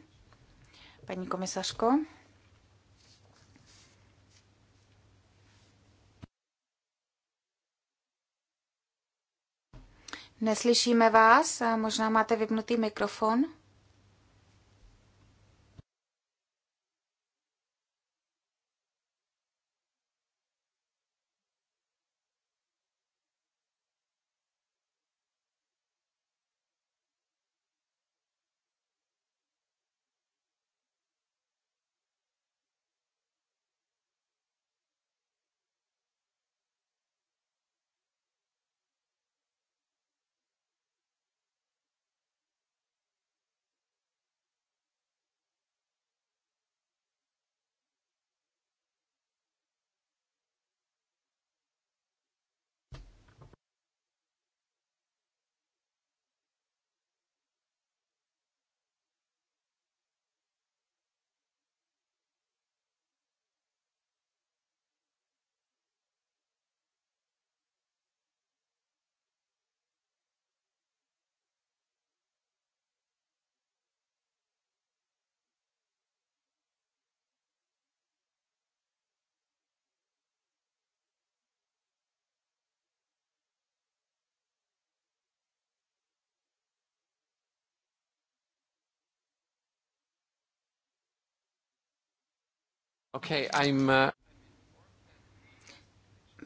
paní komisařko. Neslyšíme vás, možná máte vypnutý mikrofon. Okay, I'm, uh...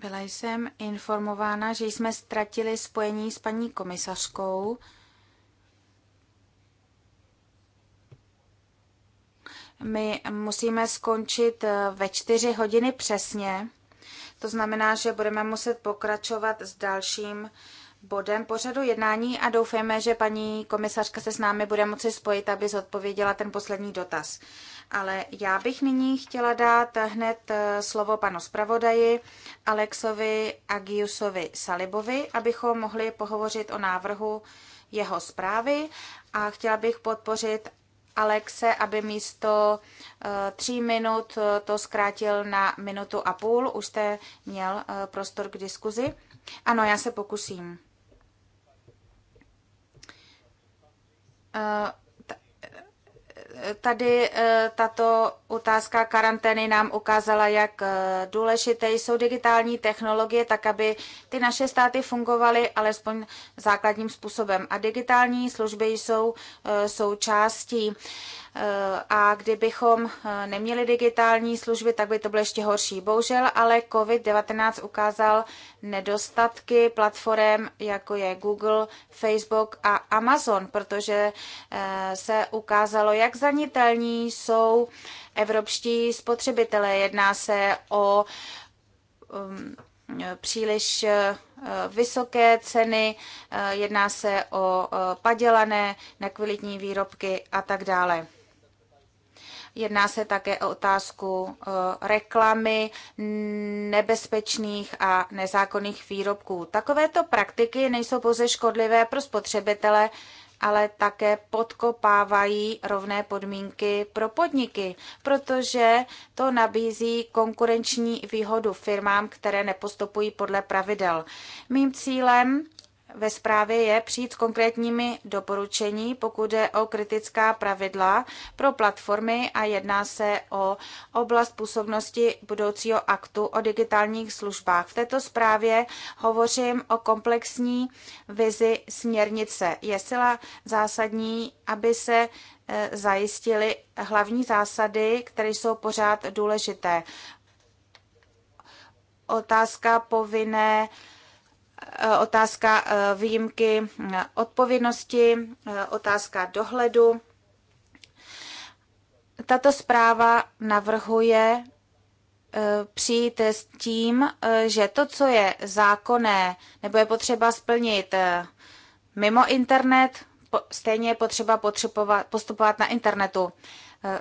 Byla jsem informována, že jsme ztratili spojení s paní komisařkou. My musíme skončit eh, ve čtyři hodiny přesně. To znamená, že budeme muset pokračovat s dalším bodem pořadu jednání a doufáme, že paní komisařka se s námi bude moci spojit, aby zodpověděla ten poslední dotaz. Ale já bych nyní chtěla dát hned eh, slovo panu zpravodaji Alexovi Agiusovi Salibovi, abychom mohli pohovořit o návrhu jeho zprávy a chtěla bych podpořit Alexe, aby místo eh, tří minut eh, to zkrátil na minutu a půl. Už jste měl prostor k diskuzi? Ano, já se pokusím tady eh, tato Otázka karantény nám ukázala, jak eh, důležité jsou digitální technologie, tak aby ty naše státy fungovaly alespoň základním způsobem. A digitální služby jsou eh, součástí. Eh, a kdybychom neměli digitální služby, tak by to bylo ještě horší. Bohužel, ale COVID-19 ukázal nedostatky platform, jako je Google, Facebook a Amazon, protože se ukázalo, jak zranitelní jsou evropští spotřebitelé. Jedná se o um, příliš eh, vysoké ceny, eh, jedná se o eh, padělané, nekvalitní výrobky a tak dále. Jedná se také o otázku reklamy nebezpečných a nezákonných výrobků. Takovéto praktiky nejsou pouze škodlivé pro spotřebitele, ale také podkopávají rovné podmínky pro podniky, protože to nabízí konkurenční výhodu firmám, které nepostupují podle pravidel. Mým cílem ve zprávě je přijít s konkrétními doporučení, pokud je o kritická pravidla pro platformy a jedná se o oblast působnosti budoucího aktu o digitálních službách. V této zprávě hovořím o komplexní vizi směrnice. Je zcela zásadní, aby se e, zajistily hlavní zásady, které jsou pořád důležité. Otázka povinné Eh, otázka eh, výjimky mm, odpovědnosti, eh, otázka dohledu. Tato zpráva navrhuje přijít s tím, že to, co je zákonné nebo je potřeba splnit mimo internet, stejně je potřeba postupovat na internetu.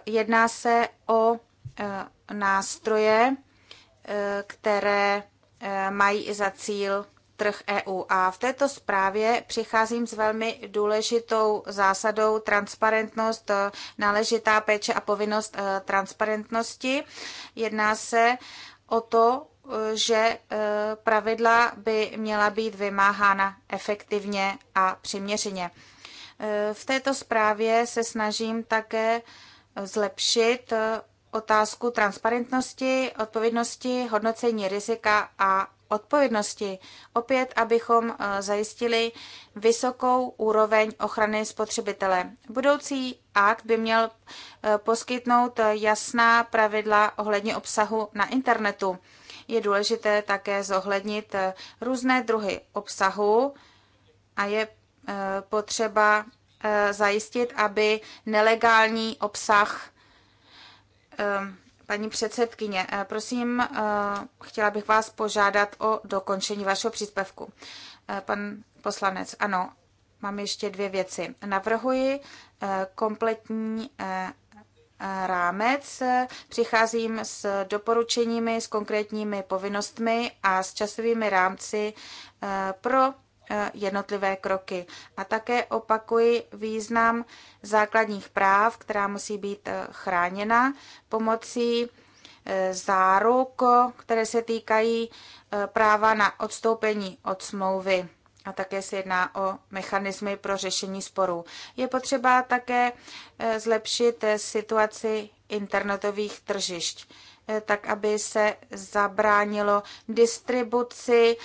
Jedná se o nástroje, které mají za cíl trh EU. A v této zprávě přicházím s velmi důležitou zásadou transparentnost, eh, náležitá péče a povinnost eh, transparentnosti. Jedná se o to, eh, že pravidla by měla být vymáhána efektivně a přiměřeně. V této zprávě se snažím také zlepšit otázku transparentnosti, odpovědnosti, hodnocení rizika a odpovědnosti. Opět, abychom eh, zajistili vysokou úroveň ochrany spotřebitele. Budoucí akt by měl eh, poskytnout eh, jasná pravidla ohledně obsahu na internetu. Je důležité také zohlednit různé druhy obsahu a je potřeba zajistit, aby nelegální obsah Paní předsedkyně, eh, prosím, eh, chtěla bych vás požádat o dokončení vašeho příspěvku. Eh, pan poslanec, ano, mám ještě dvě věci. Navrhuji kompletní rámec. Přicházím s doporučeními, s konkrétními povinnostmi a s časovými rámci pro Eh, jednotlivé kroky. A také opakuji význam základních práv, která musí být eh, chráněna pomocí eh, záruk, které se týkají práva na odstoupení od smlouvy. A také se jedná o mechanismy pro řešení sporů. Je potřeba také zlepšit situaci internetových tržišť, tak aby se zabránilo distribuci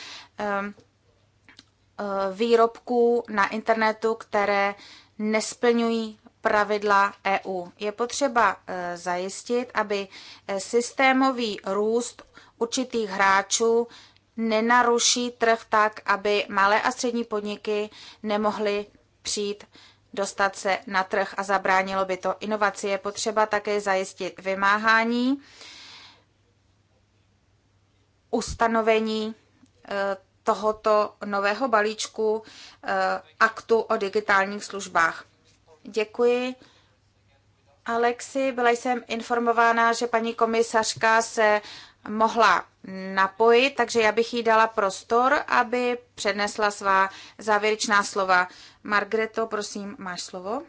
Eh, výrobků na internetu, které nesplňují pravidla EU. Je potřeba eh, zajistit, aby eh, systémový růst určitých hráčů nenaruší trh tak, aby malé a střední podniky nemohly přijít dostat se na trh a zabránilo by to inovaci. Je potřeba také zajistit vymáhání ustanovení tohoto nového balíčku eh, aktu o digitálních službách. Děkuji. Alexi, byla jsem informována, že paní komisařka se mohla napojit, takže já bych jí dala prostor, aby přednesla svá závěrečná slova. Margreto, prosím, máš slovo.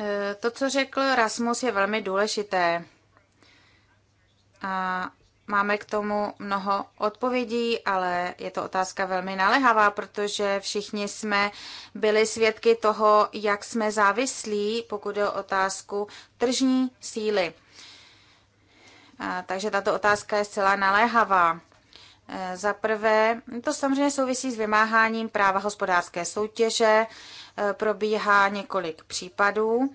Eh, to, co řekl Rasmus, je velmi důležité. A máme k tomu mnoho odpovědí, ale je to otázka velmi naléhavá, protože všichni jsme byli svědky toho, jak jsme závislí, pokud je o otázku tržní síly. A, takže tato otázka je zcela naléhavá. Eh, za prvé, to samozřejmě souvisí s vymáháním práva hospodářské soutěže, eh, probíhá několik případů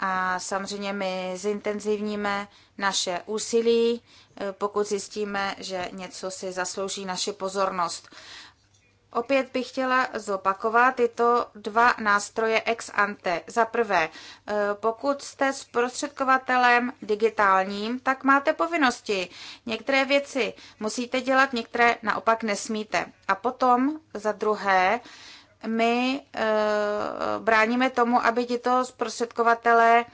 a samozřejmě my zintenzivníme naše úsilí, eh, pokud zjistíme, že něco si zaslouží naši pozornost. Opět bych chtěla zopakovat tyto dva nástroje ex ante. Za prvé, eh, pokud jste zprostředkovatelem digitálním, tak máte povinnosti. Některé věci musíte dělat, některé naopak nesmíte. A potom, za druhé, my eh, bráníme tomu, aby tito zprostředkovatelé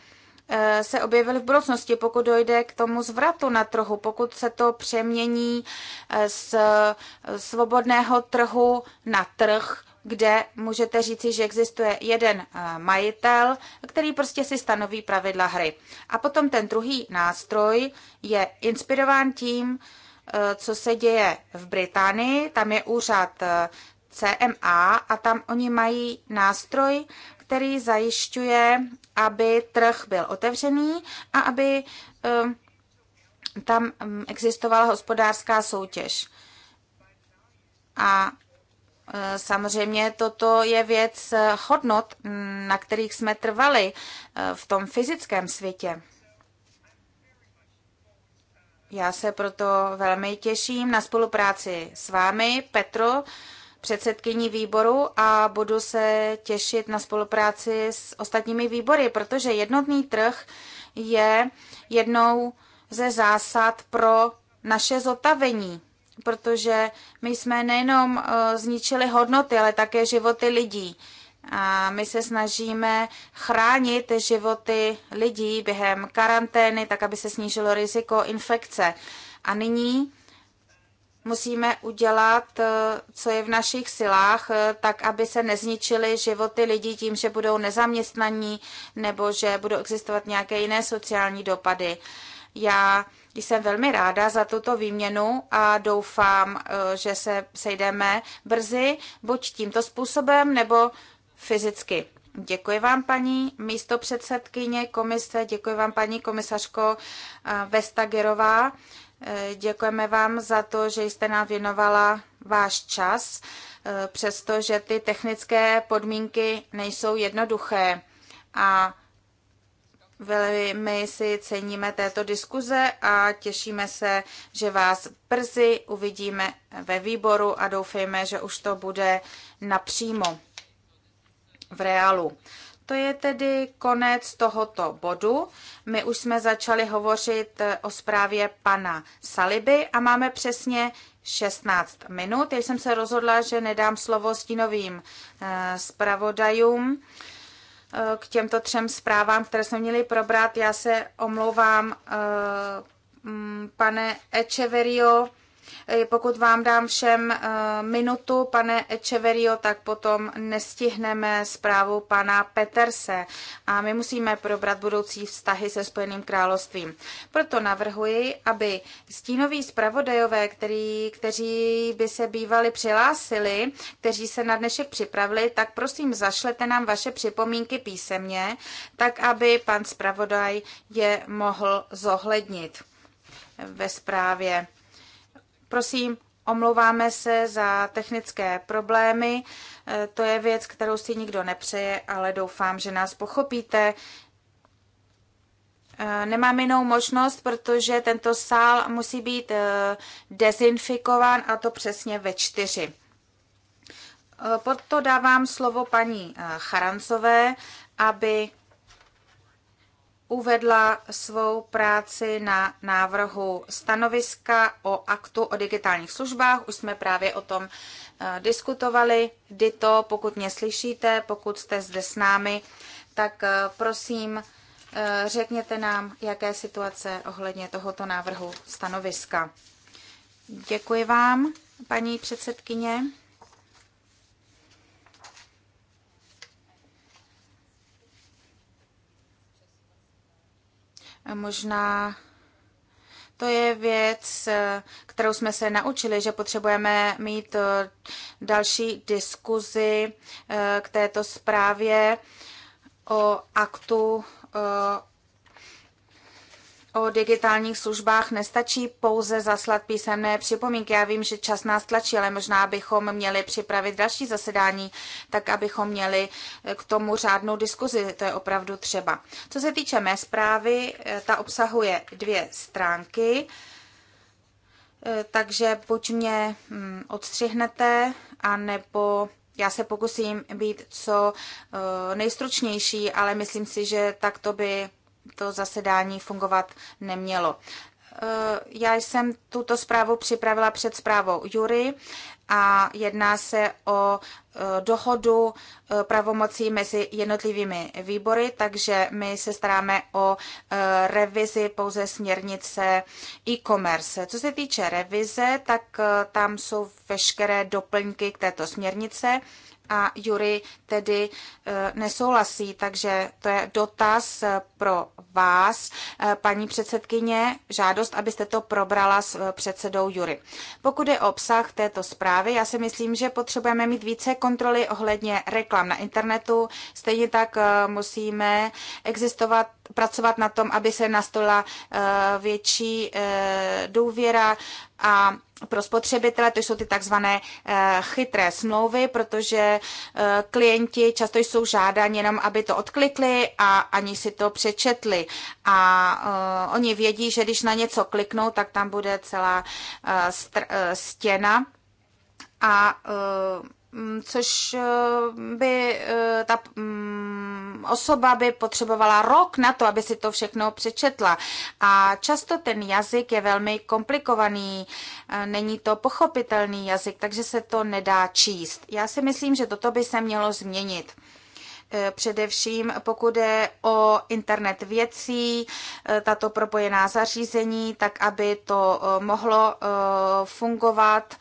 Eh, se objevily v budoucnosti, pokud dojde k tomu zvratu na trhu, pokud se to přemění eh, z eh, svobodného trhu na trh, kde můžete říci, že existuje jeden majitel, který prostě si stanoví pravidla hry. A potom ten druhý nástroj je inspirován tím, co se děje v Británii. Tam je úřad CMA a tam oni mají nástroj, který zajišťuje, aby trh byl otevřený a aby eh, tam mm, existovala hospodářská soutěž. A eh, samozřejmě toto je věc eh, hodnot, mm, na kterých jsme trvali v tom fyzickém světě. Já se proto velmi těším na spolupráci s vámi, Petro, předsedkyní výboru a budu se těšit na spolupráci s ostatními výbory, protože jednotný trh je jednou ze zásad pro naše zotavení, protože my jsme nejenom eh, zničili hodnoty, ale také životy lidí. A my se snažíme chránit životy lidí během karantény, tak aby se snížilo riziko infekce. A nyní musíme udělat, eh, co je v našich silách, eh, tak aby se nezničily životy lidí tím, že budou nezaměstnaní nebo že budou existovat nějaké jiné sociální dopady. Já jsem velmi ráda za tuto výměnu a doufám, eh, že se sejdeme brzy, buď tímto způsobem nebo fyzicky. Děkuji vám, paní místo předsedkyně komise, děkuji vám, paní komisařko Vestagerová. Děkujeme vám za to, že jste nám věnovala váš čas, eh, přestože ty technické podmínky nejsou jednoduché. A velmi si ceníme této diskuze a těšíme se, že vás brzy uvidíme ve výboru a doufejme, že už to bude napřímo v reálu. To je tedy konec tohoto bodu. My už jsme začali hovořit eh, o zprávě pana Saliby a máme přesně 16 minut. Já jsem se rozhodla, že nedám slovo stínovým eh, zpravodajům eh, k těmto třem zprávám, které jsme měli probrat. Já se omlouvám, pane Echeverio, Eh, pokud vám dám všem eh, minutu, pane Echeverio, tak potom nestihneme zprávu pana Peterse a my musíme probrat budoucí vztahy se Spojeným královstvím. Proto navrhuji, aby stínoví zpravodajové, který, kteří by se bývali přihlásili, kteří se na dnešek připravili, tak prosím zašlete nám vaše připomínky písemně, tak aby pan zpravodaj je mohl zohlednit ve zprávě Prosím, omlouváme se za technické problémy. E, to je věc, kterou si nikdo nepřeje, ale doufám, že nás pochopíte. E, nemám jinou možnost, protože tento sál musí být e, dezinfikován a to přesně ve čtyři. Proto dávám slovo paní Charancové, aby uvedla svou práci na návrhu stanoviska o aktu o digitálních službách. Už jsme právě o tom eh, diskutovali. Dito, pokud mě slyšíte, pokud jste zde s námi, tak eh, prosím, eh, řekněte nám, jaké situace ohledně tohoto návrhu stanoviska. Děkuji vám, paní předsedkyně. Možná to je věc, kterou jsme se naučili, že potřebujeme mít eh, další diskuzi eh, k této zprávě o aktu eh, o digitálních službách nestačí pouze zaslat písemné připomínky. Já vím, že čas nás tlačí, ale možná bychom měli připravit další zasedání, tak abychom měli eh, k tomu řádnou diskuzi. To je opravdu třeba. Co se týče mé zprávy, eh, ta obsahuje dvě stránky, eh, takže buď mě mm, odstřihnete, anebo já se pokusím být co nejstručnější, ale myslím si, že tak to by to zasedání fungovat nemělo. E, já jsem tuto zprávu připravila před zprávou Jury a jedná se o e, dohodu e, pravomocí mezi jednotlivými výbory, takže my se staráme o revizi pouze směrnice e-commerce. Co se týče revize, tak tam jsou veškeré doplňky k této směrnice a Jury tedy e, nesouhlasí, takže to je dotaz e, pro vás, e, paní předsedkyně, žádost, abyste to probrala s předsedou Jury. Pokud je obsah této zprávy, já si myslím, že potřebujeme mít více kontroly ohledně reklam na internetu, stejně tak musíme existovat pracovat na tom, aby se nastala eh, větší eh, důvěra a pro spotřebitele, to jsou ty takzvané eh, chytré smlouvy, protože klienti často jsou žádáni jenom, aby to odklikli a ani si to přečetli. A oni vědí, že když na něco kliknou, tak tam bude celá stěna a Mm, což eh, by eh, ta mm, osoba by potřebovala rok na to, aby si to všechno přečetla. A často ten jazyk je velmi komplikovaný, eh, není to pochopitelný jazyk, takže se to nedá číst. Já si myslím, že toto by se mělo změnit. Eh, především pokud je o internet věcí, eh, tato propojená zařízení, tak aby to eh, mohlo fungovat,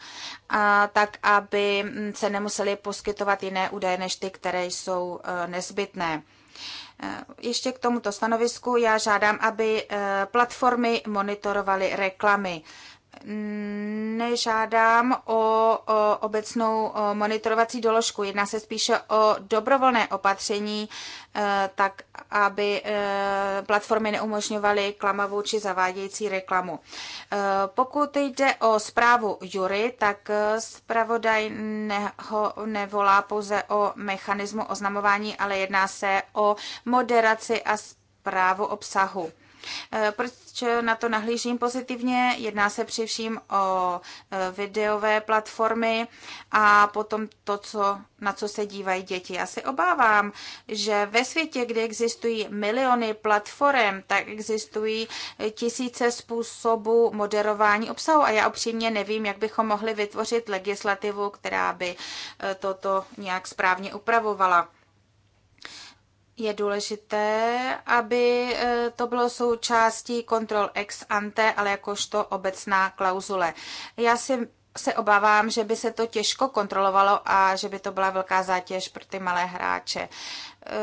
tak aby mm, se nemuseli poskytovat jiné údaje než ty, které jsou nezbytné. Ještě k tomuto stanovisku já žádám, aby platformy monitorovaly reklamy nežádám o, o obecnou monitorovací doložku. Jedná se spíše o dobrovolné opatření, e, tak aby e, platformy neumožňovaly klamavou či zavádějící reklamu. E, pokud jde o zprávu Jury, tak zpravodaj neho nevolá pouze o mechanismu oznamování, ale jedná se o moderaci a zprávu obsahu. Eh, proč na to nahlížím pozitivně? Jedná se především o eh, videové platformy a potom to, co, na co se dívají děti. Já se obávám, že ve světě, kde existují miliony platform, tak existují eh, tisíce způsobů moderování obsahu a já upřímně nevím, jak bychom mohli vytvořit legislativu, která by toto nějak správně upravovala je důležité, aby e, to bylo součástí kontrol ex ante, ale jakožto obecná klauzule. Já si se obávám, že by se to těžko kontrolovalo a že by to byla velká zátěž pro ty malé hráče. E,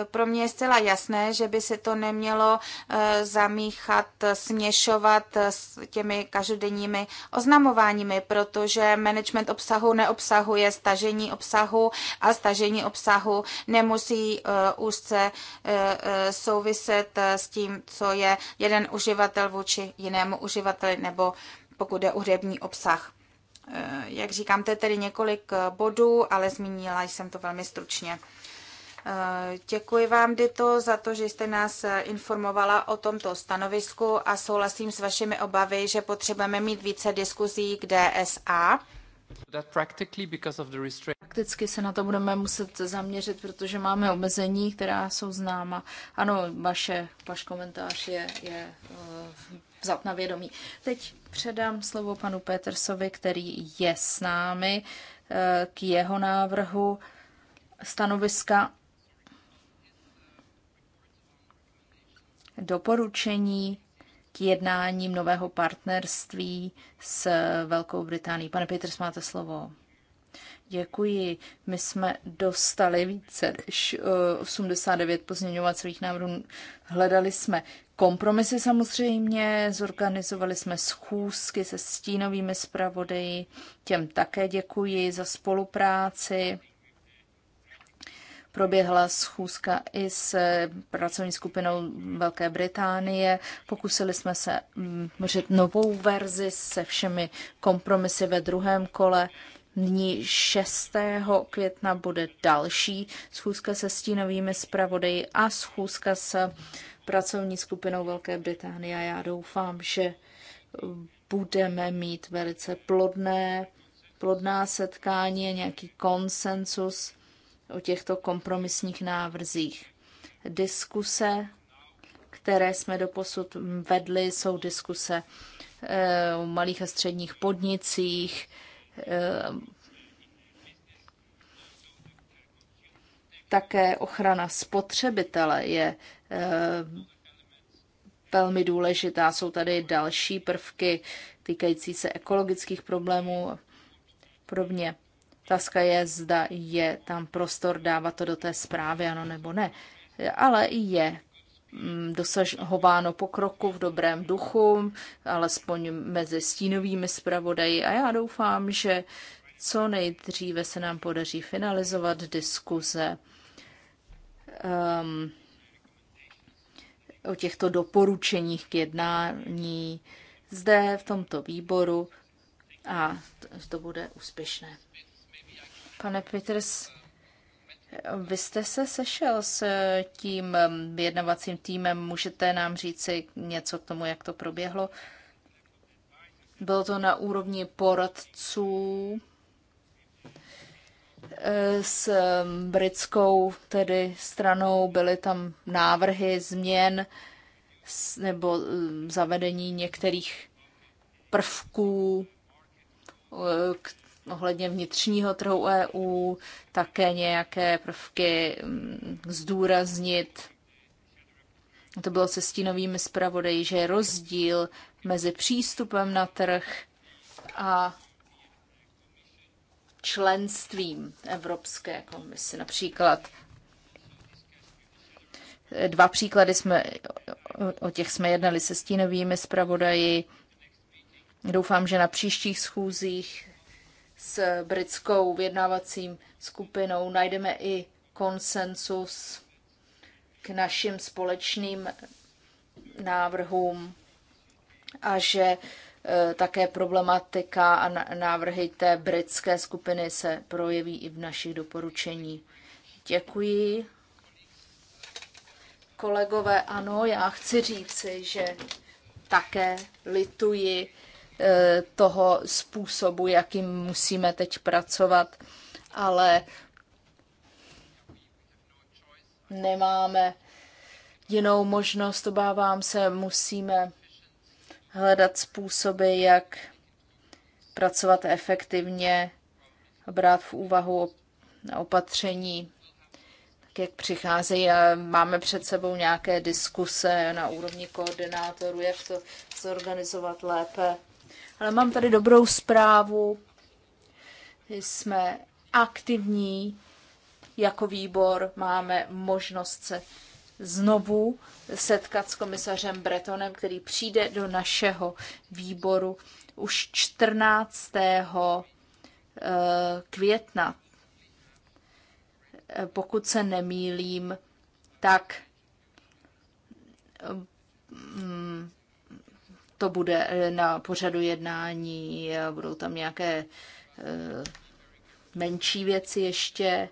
pro mě je zcela jasné, že by se to nemělo e, zamíchat, směšovat s těmi každodenními oznamováními, protože management obsahu neobsahuje stažení obsahu a stažení obsahu nemusí e, úzce souviset s tím, co je jeden uživatel vůči jinému uživateli nebo pokud je uhřební obsah. Eh, jak říkám, to je tedy několik eh, bodů, ale zmínila jsem to velmi stručně. Eh, děkuji vám, Dito, za to, že jste nás informovala o tomto stanovisku a souhlasím s vašimi obavy, že potřebujeme mít více diskuzí k DSA. Prakticky se na to budeme muset zaměřit, protože máme omezení, která jsou známa. Ano, vaše, vaš komentář je, je vzat na vědomí. Teď předám slovo panu Petersovi, který je s námi eh, k jeho návrhu stanoviska doporučení k jednáním nového partnerství s Velkou Británií. Pane Peters, máte slovo. Děkuji. My jsme dostali více než 89 eh, pozměňovacích návrhů. Hledali jsme kompromisy samozřejmě, zorganizovali jsme schůzky se stínovými zpravodaji, těm také děkuji za spolupráci. Proběhla schůzka i s pracovní skupinou Velké Británie. Pokusili jsme se možet, mm, novou verzi se všemi kompromisy ve druhém kole. Dní 6. května bude další schůzka se stínovými zpravodaji a schůzka s pracovní skupinou Velké Británie a já doufám, že budeme mít velice plodné, plodná setkání a nějaký konsensus o těchto kompromisních návrzích. Diskuse, které jsme doposud vedli, jsou diskuse eh, o malých a středních podnicích, eh, Také ochrana spotřebitele je eh, velmi důležitá. Jsou tady další prvky týkající se ekologických problémů a podobně. Otázka je, zda je tam prostor dávat to do té zprávy, ano nebo ne. Ale je mm, dosahováno pokroku v dobrém duchu, alespoň mezi stínovými zpravodaji a já doufám, že co nejdříve se nám podaří finalizovat diskuze um, o těchto doporučeních k jednání zde v tomto výboru a to bude úspěšné. Pane Peters, vy jste se sešel s tím um, vyjednavacím týmem, můžete nám říci něco k tomu, jak to proběhlo? Bylo to na úrovni poradců, Eh, s mm, britskou tedy stranou, byly tam návrhy změn nebo mm, zavedení některých prvků eh, ohledně vnitřního trhu EU, také nějaké prvky mm, zdůraznit. To bylo se stínovými zpravodaji, že je rozdíl mezi přístupem na trh a členstvím Evropské komise. Například dva příklady jsme, o těch jsme jednali se stínovými zpravodaji. Doufám, že na příštích schůzích s britskou vyjednávacím skupinou najdeme i konsensus k našim společným návrhům a že Eh, také problematika a návrhy té britské skupiny se projeví i v našich doporučení. Děkuji. Kolegové, ano, já chci říci, že také lituji eh, toho způsobu, jakým musíme teď pracovat, ale nemáme jinou možnost, obávám se, musíme hledat způsoby, jak pracovat efektivně a brát v úvahu opatření, tak jak přicházejí. Máme před sebou nějaké diskuse na úrovni koordinátorů, jak to zorganizovat lépe. Ale mám tady dobrou zprávu. Jsme aktivní jako výbor, máme možnost se znovu setkat s komisařem Bretonem, který přijde do našeho výboru už 14. Eh, května. Eh, pokud se nemýlím, tak mm, to bude eh, na pořadu jednání, budou tam nějaké menší věci ještě,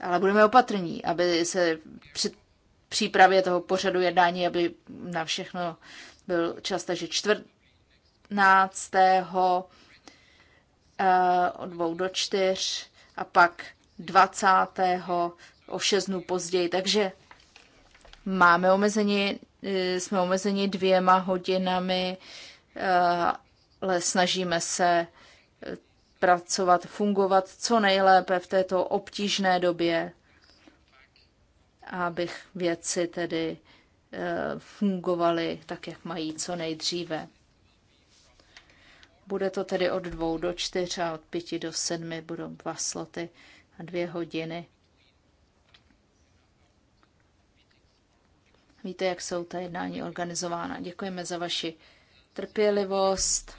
ale budeme opatrní, aby se při přípravě toho pořadu jednání, aby na všechno byl čas, takže 14. Eh, od 2 do 4 a pak 20. o 6 dnů později. Takže máme omezení, eh, jsme omezeni dvěma hodinami, eh, ale snažíme se pracovat, fungovat co nejlépe v této obtížné době abych věci tedy eh, fungovaly tak, jak mají co nejdříve. Bude to tedy od dvou do čtyř a od pěti do sedmi budou dva sloty a dvě hodiny. Víte, jak jsou ta jednání organizována. Děkujeme za vaši trpělivost.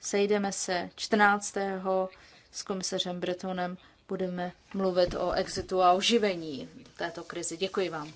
Sejdeme se 14. s komisařem Bretonem budeme mluvit o exitu a oživení této krizi. Děkuji vám.